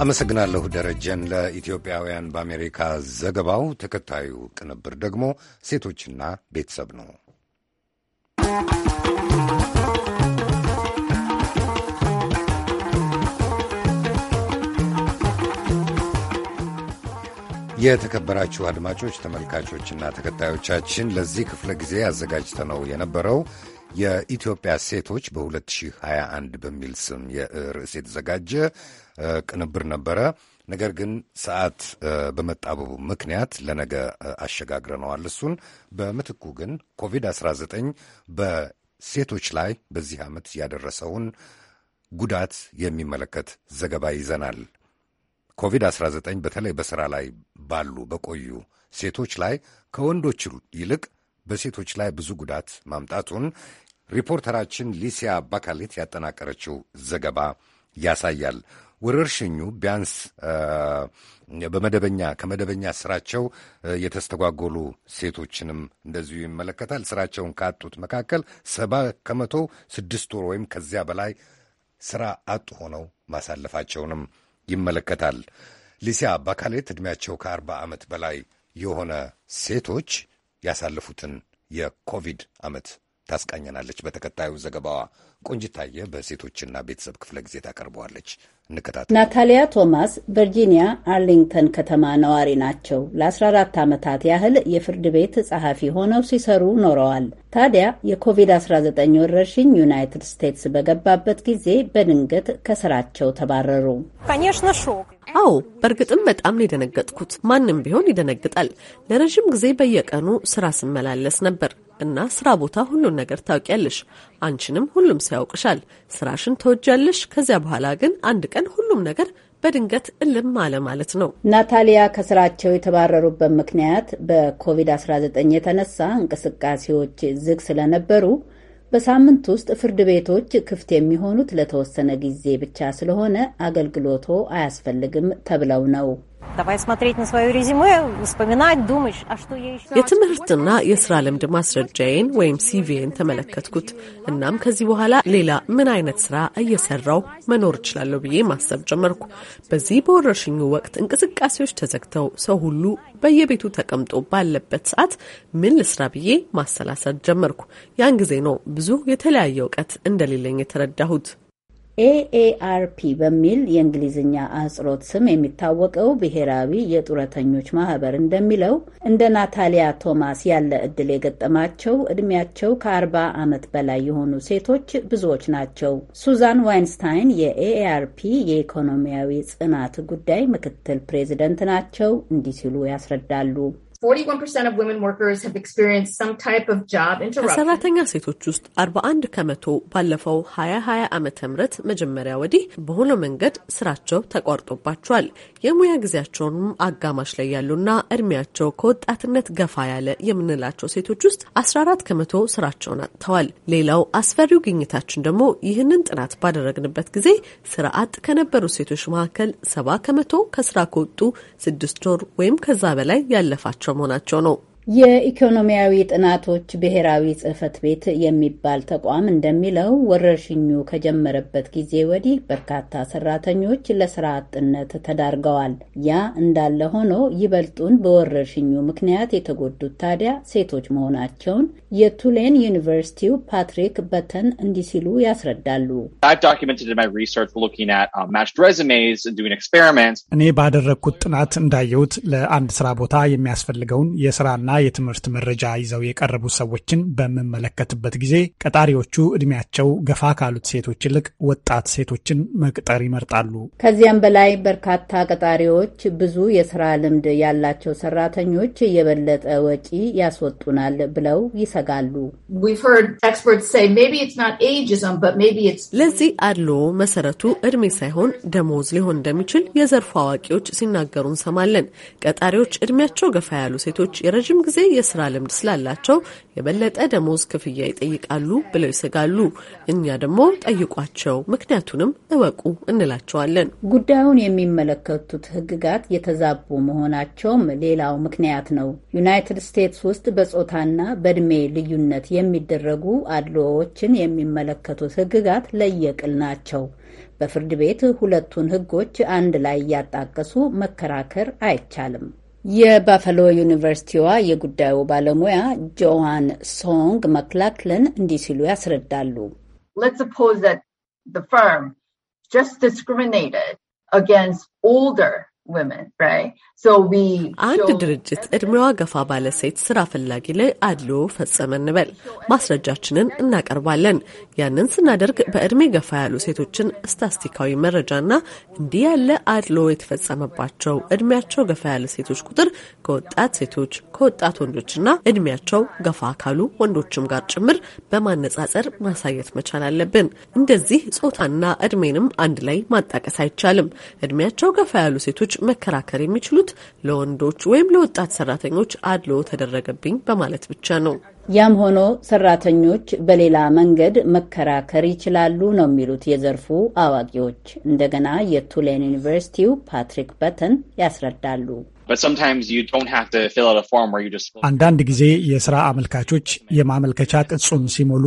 አመሰግናለሁ ደረጀን ለኢትዮጵያውያን በአሜሪካ ዘገባው። ተከታዩ ቅንብር ደግሞ ሴቶችና ቤተሰብ ነው። የተከበራችሁ አድማጮች፣ ተመልካቾችና ተከታዮቻችን ለዚህ ክፍለ ጊዜ አዘጋጅተነው የነበረው የኢትዮጵያ ሴቶች በ2021 በሚል ስም የርዕስ የተዘጋጀ ቅንብር ነበረ። ነገር ግን ሰዓት በመጣበቡ ምክንያት ለነገ አሸጋግረነዋል። እሱን በምትኩ ግን ኮቪድ-19 በሴቶች ላይ በዚህ ዓመት ያደረሰውን ጉዳት የሚመለከት ዘገባ ይዘናል። ኮቪድ-19 በተለይ በሥራ ላይ ባሉ በቆዩ ሴቶች ላይ ከወንዶች ይልቅ በሴቶች ላይ ብዙ ጉዳት ማምጣቱን ሪፖርተራችን ሊሲያ ባካሌት ያጠናቀረችው ዘገባ ያሳያል። ወረርሽኙ ቢያንስ በመደበኛ ከመደበኛ ስራቸው የተስተጓጎሉ ሴቶችንም እንደዚሁ ይመለከታል። ስራቸውን ካጡት መካከል ሰባ ከመቶ ስድስት ወር ወይም ከዚያ በላይ ስራ አጡ ሆነው ማሳለፋቸውንም ይመለከታል። ሊሲያ ባካሌት ዕድሜያቸው ከአርባ ዓመት በላይ የሆነ ሴቶች ያሳለፉትን የኮቪድ ዓመት ታስቃኘናለች። በተከታዩ ዘገባዋ ቆንጅታየ በሴቶችና ቤተሰብ ክፍለ ጊዜ ታቀርበዋለች። እንከታተል። ናታሊያ ቶማስ ቨርጂኒያ አርሊንግተን ከተማ ነዋሪ ናቸው። ለ14 ዓመታት ያህል የፍርድ ቤት ጸሐፊ ሆነው ሲሰሩ ኖረዋል። ታዲያ የኮቪድ-19 ወረርሽኝ ዩናይትድ ስቴትስ በገባበት ጊዜ በድንገት ከስራቸው ተባረሩ። አዎ በእርግጥም በጣም ነው የደነገጥኩት። ማንም ቢሆን ይደነግጣል። ለረዥም ጊዜ በየቀኑ ስራ ስመላለስ ነበር እና ስራ ቦታ ሁሉን ነገር ታውቂያለሽ፣ አንቺንም ሁሉም ሲያውቅሻል፣ ያውቅሻል፣ ስራሽን ተወጃለሽ። ከዚያ በኋላ ግን አንድ ቀን ሁሉም ነገር በድንገት እልም አለ ማለት ነው። ናታሊያ ከስራቸው የተባረሩበት ምክንያት በኮቪድ-19 የተነሳ እንቅስቃሴዎች ዝግ ስለነበሩ በሳምንት ውስጥ ፍርድ ቤቶች ክፍት የሚሆኑት ለተወሰነ ጊዜ ብቻ ስለሆነ አገልግሎቶ አያስፈልግም ተብለው ነው። የትምህርትና የስራ ልምድ ማስረጃዬን ወይም ሲቪን ተመለከትኩት። እናም ከዚህ በኋላ ሌላ ምን አይነት ስራ እየሰራው መኖር እችላለሁ ብዬ ማሰብ ጀመርኩ። በዚህ በወረርሽኙ ወቅት እንቅስቃሴዎች ተዘግተው ሰው ሁሉ በየቤቱ ተቀምጦ ባለበት ሰዓት ምን ልስራ ብዬ ማሰላሰል ጀመርኩ። ያን ጊዜ ነው ብዙ የተለያየ እውቀት እንደሌለኝ የተረዳሁት። ኤኤአርፒ በሚል የእንግሊዝኛ አህጽሮት ስም የሚታወቀው ብሔራዊ የጡረተኞች ማህበር እንደሚለው እንደ ናታሊያ ቶማስ ያለ ዕድል የገጠማቸው ዕድሜያቸው ከ40 ዓመት በላይ የሆኑ ሴቶች ብዙዎች ናቸው። ሱዛን ዋይንስታይን የኤኤአርፒ የኢኮኖሚያዊ ጽናት ጉዳይ ምክትል ፕሬዚደንት ናቸው። እንዲህ ሲሉ ያስረዳሉ። ከሰራተኛ ሴቶች ውስጥ 41 ከመቶ ባለፈው 2020 ዓመተ ምህረት መጀመሪያ ወዲህ በሆነ መንገድ ስራቸው ተቋርጦባቸዋል። የሙያ ጊዜያቸውንም አጋማሽ ላይ ያሉና እድሜያቸው ከወጣትነት ገፋ ያለ የምንላቸው ሴቶች ውስጥ 14 ከመቶ ስራቸውን አጥተዋል። ሌላው አስፈሪው ግኝታችን ደግሞ ይህንን ጥናት ባደረግንበት ጊዜ ስራ አጥ ከነበሩ ሴቶች መካከል ሰባ ከመቶ ከስራ ከወጡ ስድስት ወር ወይም ከዛ በላይ ያለፋቸው መሆናቸው ነው። የኢኮኖሚያዊ ጥናቶች ብሔራዊ ጽህፈት ቤት የሚባል ተቋም እንደሚለው ወረርሽኙ ከጀመረበት ጊዜ ወዲህ በርካታ ሰራተኞች ለስራ አጥነት ተዳርገዋል። ያ እንዳለ ሆኖ ይበልጡን በወረርሽኙ ምክንያት የተጎዱት ታዲያ ሴቶች መሆናቸውን የቱሌን ዩኒቨርሲቲው ፓትሪክ በተን እንዲህ ሲሉ ያስረዳሉ። uh, እኔ ባደረግኩት ጥናት እንዳየሁት ለአንድ ስራ ቦታ የሚያስፈልገውን የስራና የትምህርት መረጃ ይዘው የቀረቡ ሰዎችን በምመለከትበት ጊዜ ቀጣሪዎቹ እድሜያቸው ገፋ ካሉት ሴቶች ይልቅ ወጣት ሴቶችን መቅጠር ይመርጣሉ። ከዚያም በላይ በርካታ ቀጣሪዎች ብዙ የስራ ልምድ ያላቸው ሰራተኞች የበለጠ ወጪ ያስወጡናል ብለው ይሰጋሉ። ለዚህ አድሎ መሰረቱ እድሜ ሳይሆን ደሞዝ ሊሆን እንደሚችል የዘርፉ አዋቂዎች ሲናገሩ እንሰማለን። ቀጣሪዎች እድሜያቸው ገፋ ያሉ ሴቶች የረዥም ጊዜ የስራ ልምድ ስላላቸው የበለጠ ደሞዝ ክፍያ ይጠይቃሉ ብለው ይሰጋሉ። እኛ ደግሞ ጠይቋቸው፣ ምክንያቱንም እወቁ እንላቸዋለን። ጉዳዩን የሚመለከቱት ህግጋት የተዛቡ መሆናቸውም ሌላው ምክንያት ነው። ዩናይትድ ስቴትስ ውስጥ በጾታና በእድሜ ልዩነት የሚደረጉ አድልዎችን የሚመለከቱት ህግጋት ለየቅል ናቸው። በፍርድ ቤት ሁለቱን ህጎች አንድ ላይ እያጣቀሱ መከራከር አይቻልም። የባፈሎ ዩኒቨርሲቲዋ የጉዳዩ ባለሙያ ጆዋን ሶንግ መክላክልን እንዲህ ሲሉ ያስረዳሉ። አንድ ድርጅት እድሜዋ ገፋ ባለ ሴት ስራ ፈላጊ ላይ አድሎ ፈጸመ እንበል፣ ማስረጃችንን እናቀርባለን። ያንን ስናደርግ በእድሜ ገፋ ያሉ ሴቶችን ስታስቲካዊ መረጃና እንዲህ ያለ አድሎ የተፈጸመባቸው እድሜያቸው ገፋ ያለ ሴቶች ቁጥር ከወጣት ሴቶች ከወጣት ወንዶችና እድሜያቸው ገፋ ካሉ ወንዶችም ጋር ጭምር በማነጻጸር ማሳየት መቻል አለብን። እንደዚህ ጾታና እድሜንም አንድ ላይ ማጣቀስ አይቻልም። እድሜያቸው ገፋ ያሉ ሴቶች መከራከር የሚችሉት ለወንዶች ወይም ለወጣት ሰራተኞች አድሎ ተደረገብኝ በማለት ብቻ ነው። ያም ሆኖ ሰራተኞች በሌላ መንገድ መከራከር ይችላሉ ነው የሚሉት የዘርፉ አዋቂዎች። እንደገና የቱሌን ዩኒቨርሲቲው ፓትሪክ በተን ያስረዳሉ። አንዳንድ ጊዜ የስራ አመልካቾች የማመልከቻ ቅጹን ሲሞሉ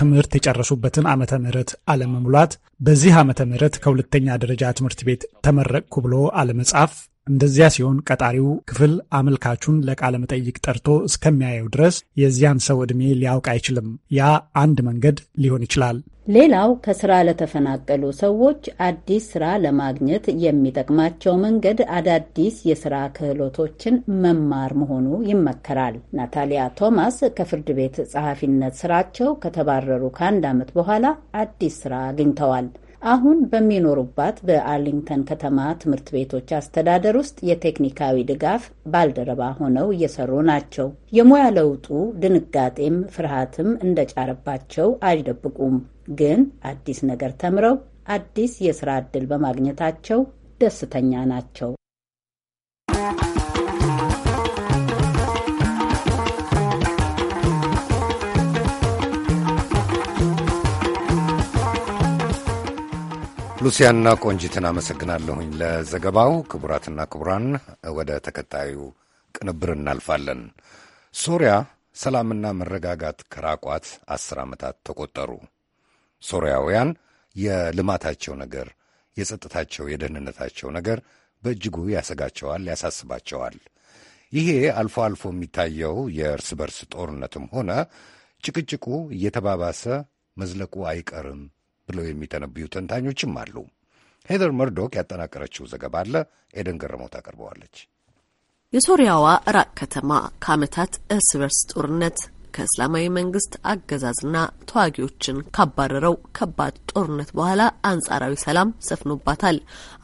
ትምህርት የጨረሱበትን ዓመተ ምህረት አለመሙላት፣ በዚህ ዓመተ ምህረት ከሁለተኛ ደረጃ ትምህርት ቤት ተመረቅኩ ብሎ አለመጻፍ እንደዚያ ሲሆን ቀጣሪው ክፍል አመልካቹን ለቃለ መጠይቅ ጠርቶ እስከሚያየው ድረስ የዚያን ሰው ዕድሜ ሊያውቅ አይችልም። ያ አንድ መንገድ ሊሆን ይችላል። ሌላው ከስራ ለተፈናቀሉ ሰዎች አዲስ ስራ ለማግኘት የሚጠቅማቸው መንገድ አዳዲስ የስራ ክህሎቶችን መማር መሆኑ ይመከራል። ናታሊያ ቶማስ ከፍርድ ቤት ጸሐፊነት ስራቸው ከተባረሩ ከአንድ ዓመት በኋላ አዲስ ስራ አግኝተዋል። አሁን በሚኖሩባት በአርሊንግተን ከተማ ትምህርት ቤቶች አስተዳደር ውስጥ የቴክኒካዊ ድጋፍ ባልደረባ ሆነው እየሰሩ ናቸው። የሙያ ለውጡ ድንጋጤም ፍርሃትም እንደጫረባቸው አይደብቁም። ግን አዲስ ነገር ተምረው አዲስ የስራ ዕድል በማግኘታቸው ደስተኛ ናቸው። ሉሲያና ቆንጂትን አመሰግናለሁኝ ለዘገባው። ክቡራትና ክቡራን፣ ወደ ተከታዩ ቅንብር እናልፋለን። ሶሪያ ሰላምና መረጋጋት ከራቋት አስር ዓመታት ተቆጠሩ። ሶሪያውያን የልማታቸው ነገር፣ የጸጥታቸው፣ የደህንነታቸው ነገር በእጅጉ ያሰጋቸዋል፣ ያሳስባቸዋል። ይሄ አልፎ አልፎ የሚታየው የእርስ በርስ ጦርነትም ሆነ ጭቅጭቁ እየተባባሰ መዝለቁ አይቀርም ብለው የሚተነብዩ ተንታኞችም አሉ። ሄደር መርዶክ ያጠናቀረችው ዘገባ አለ ኤደን ገረመው ታቀርበዋለች። የሶሪያዋ ራቅ ከተማ ከዓመታት እርስ በርስ ጦርነት ከእስላማዊ መንግስት አገዛዝና ተዋጊዎችን ካባረረው ከባድ ጦርነት በኋላ አንጻራዊ ሰላም ሰፍኖባታል።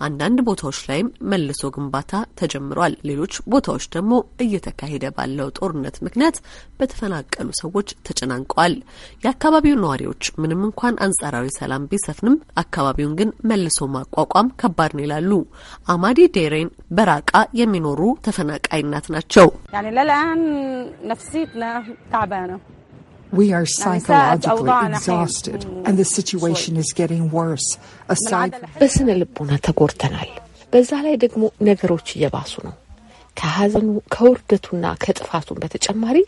አንዳንድ ቦታዎች ላይም መልሶ ግንባታ ተጀምሯል። ሌሎች ቦታዎች ደግሞ እየተካሄደ ባለው ጦርነት ምክንያት በተፈናቀሉ ሰዎች ተጨናንቀዋል። የአካባቢው ነዋሪዎች ምንም እንኳን አንጻራዊ ሰላም ቢሰፍንም አካባቢውን ግን መልሶ ማቋቋም ከባድ ነው ይላሉ። አማዲ ዴሬን በራቃ የሚኖሩ ተፈናቃይ እናት ናቸው። We are psychologically exhausted mm, and the situation is getting worse. Aside በስነ ልቦና ተጎድተናል። በዛ ላይ ደግሞ ነገሮች እየባሱ ነው። ከሐዘኑ ከውርደቱና ከጥፋቱን በተጨማሪ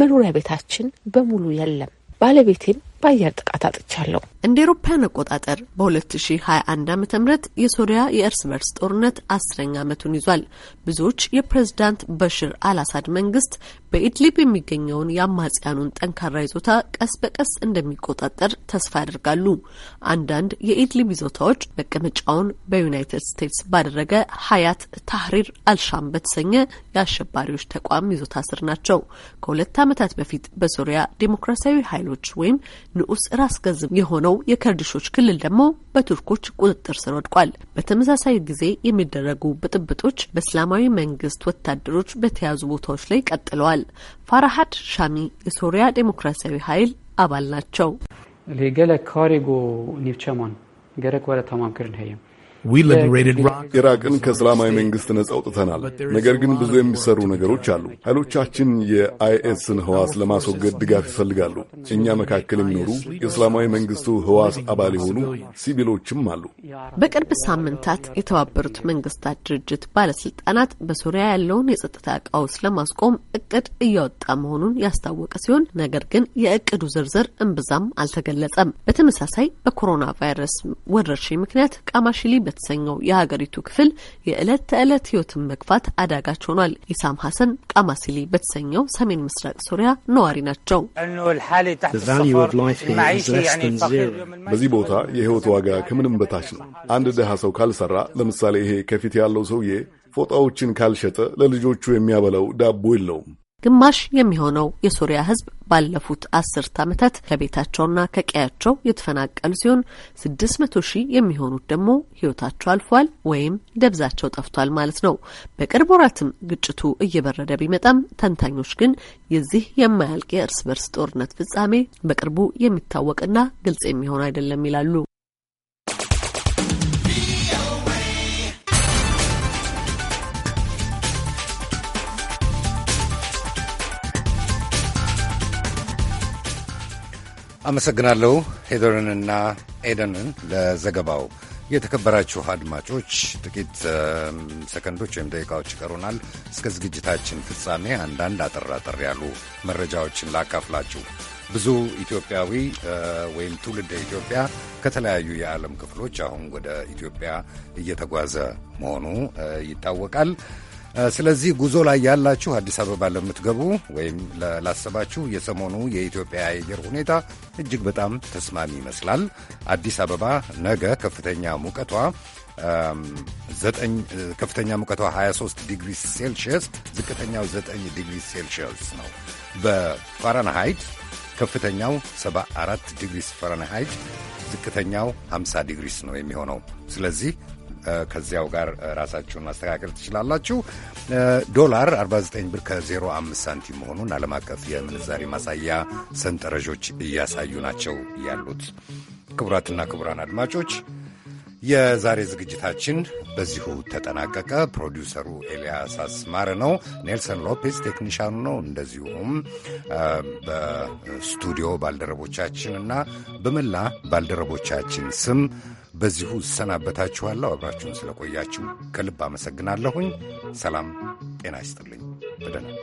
መኖሪያ ቤታችን በሙሉ የለም። ባለቤቴም በአየር ጥቃት አጥቻለሁ። እንደ ኤሮፓያን አቆጣጠር በ2021 ዓ ም የሶሪያ የእርስ በርስ ጦርነት አስረኛ ዓመቱን ይዟል። ብዙዎች የፕሬዝዳንት በሽር አልአሳድ መንግስት በኢድሊብ የሚገኘውን የአማጽያኑን ጠንካራ ይዞታ ቀስ በቀስ እንደሚቆጣጠር ተስፋ ያደርጋሉ። አንዳንድ የኢድሊብ ይዞታዎች መቀመጫውን በዩናይትድ ስቴትስ ባደረገ ሀያት ታህሪር አልሻም በተሰኘ የአሸባሪዎች ተቋም ይዞታ ስር ናቸው። ከሁለት ዓመታት በፊት በሶሪያ ዴሞክራሲያዊ ኃይሎች ወይም ንዑስ ራስ ገዝም የሆነው የከርዲሾች ክልል ደግሞ በቱርኮች ቁጥጥር ስር ወድቋል። በተመሳሳይ ጊዜ የሚደረጉ ብጥብጦች በእስላማዊ መንግስት ወታደሮች በተያዙ ቦታዎች ላይ ቀጥለዋል። ፋራሃድ ሻሚ የሶሪያ ዴሞክራሲያዊ ኃይል አባል ናቸው። ገለ ካሪጎ ኒቸማን ገረክ ወረ ተማም ሄየም ኢራቅን ከእስላማዊ መንግስት ነጻ አውጥተናል። ነገር ግን ብዙ የሚሰሩ ነገሮች አሉ። ኃይሎቻችን የአይኤስን ህዋስ ለማስወገድ ድጋፍ ይፈልጋሉ። እኛ መካከል የሚኖሩ የእስላማዊ መንግስቱ ህዋስ አባል የሆኑ ሲቪሎችም አሉ። በቅርብ ሳምንታት የተባበሩት መንግስታት ድርጅት ባለስልጣናት በሶሪያ ያለውን የጸጥታ ቀውስ ለማስቆም እቅድ እያወጣ መሆኑን ያስታወቀ ሲሆን ነገር ግን የእቅዱ ዝርዝር እምብዛም አልተገለጸም። በተመሳሳይ በኮሮና ቫይረስ ወረርሽኝ ምክንያት ቃማሽሊ በተሰኘው የሀገሪቱ ክፍል የዕለት ተዕለት ህይወትን መግፋት አዳጋች ሆኗል። ኢሳም ሀሰን ቃማሲሊ በተሰኘው ሰሜን ምስራቅ ሶሪያ ነዋሪ ናቸው። በዚህ ቦታ የህይወት ዋጋ ከምንም በታች ነው። አንድ ድሃ ሰው ካልሰራ፣ ለምሳሌ ይሄ ከፊት ያለው ሰውዬ ፎጣዎችን ካልሸጠ ለልጆቹ የሚያበላው ዳቦ የለውም። ግማሽ የሚሆነው የሶሪያ ህዝብ ባለፉት አስርት ዓመታት ከቤታቸውና ከቀያቸው የተፈናቀሉ ሲሆን ስድስት መቶ ሺህ የሚሆኑት ደግሞ ህይወታቸው አልፏል ወይም ደብዛቸው ጠፍቷል ማለት ነው። በቅርብ ወራትም ግጭቱ እየበረደ ቢመጣም ተንታኞች ግን የዚህ የማያልቅ የእርስ በርስ ጦርነት ፍጻሜ በቅርቡ የሚታወቅና ግልጽ የሚሆን አይደለም ይላሉ። አመሰግናለሁ ሄደርንና ኤደንን ለዘገባው። የተከበራችሁ አድማጮች ጥቂት ሰከንዶች ወይም ደቂቃዎች ይቀሩናል። እስከ ዝግጅታችን ፍጻሜ አንዳንድ አጠራጠር ያሉ መረጃዎችን ላካፍላችሁ። ብዙ ኢትዮጵያዊ ወይም ትውልደ ኢትዮጵያ ከተለያዩ የዓለም ክፍሎች አሁን ወደ ኢትዮጵያ እየተጓዘ መሆኑ ይታወቃል። ስለዚህ ጉዞ ላይ ያላችሁ አዲስ አበባ ለምትገቡ ወይም ላሰባችሁ የሰሞኑ የኢትዮጵያ የአየር ሁኔታ እጅግ በጣም ተስማሚ ይመስላል። አዲስ አበባ ነገ ከፍተኛ ሙቀቷ ከፍተኛ ሙቀቷ 23 ዲግሪ ሴልሺየስ፣ ዝቅተኛው 9 ዲግሪ ሴልሺየስ ነው። በፋረንሃይት ከፍተኛው 74 ዲግሪስ ፋረንሃይት ዝቅተኛው 50 ዲግሪስ ነው የሚሆነው። ስለዚህ ከዚያው ጋር ራሳችሁን ማስተካከል ትችላላችሁ። ዶላር 49 ብር ከ05 ሳንቲም መሆኑን ዓለም አቀፍ የምንዛሬ ማሳያ ሰንጠረዦች እያሳዩ ናቸው ያሉት። ክቡራትና ክቡራን አድማጮች የዛሬ ዝግጅታችን በዚሁ ተጠናቀቀ። ፕሮዲውሰሩ ኤልያስ አስማረ ነው። ኔልሰን ሎፔዝ ቴክኒሻኑ ነው። እንደዚሁም በስቱዲዮ ባልደረቦቻችን እና በመላ ባልደረቦቻችን ስም በዚሁ እሰናበታችኋለሁ። አብራችሁን ስለቆያችሁ ከልብ አመሰግናለሁኝ። ሰላም ጤና ይስጥልኝ። በደህና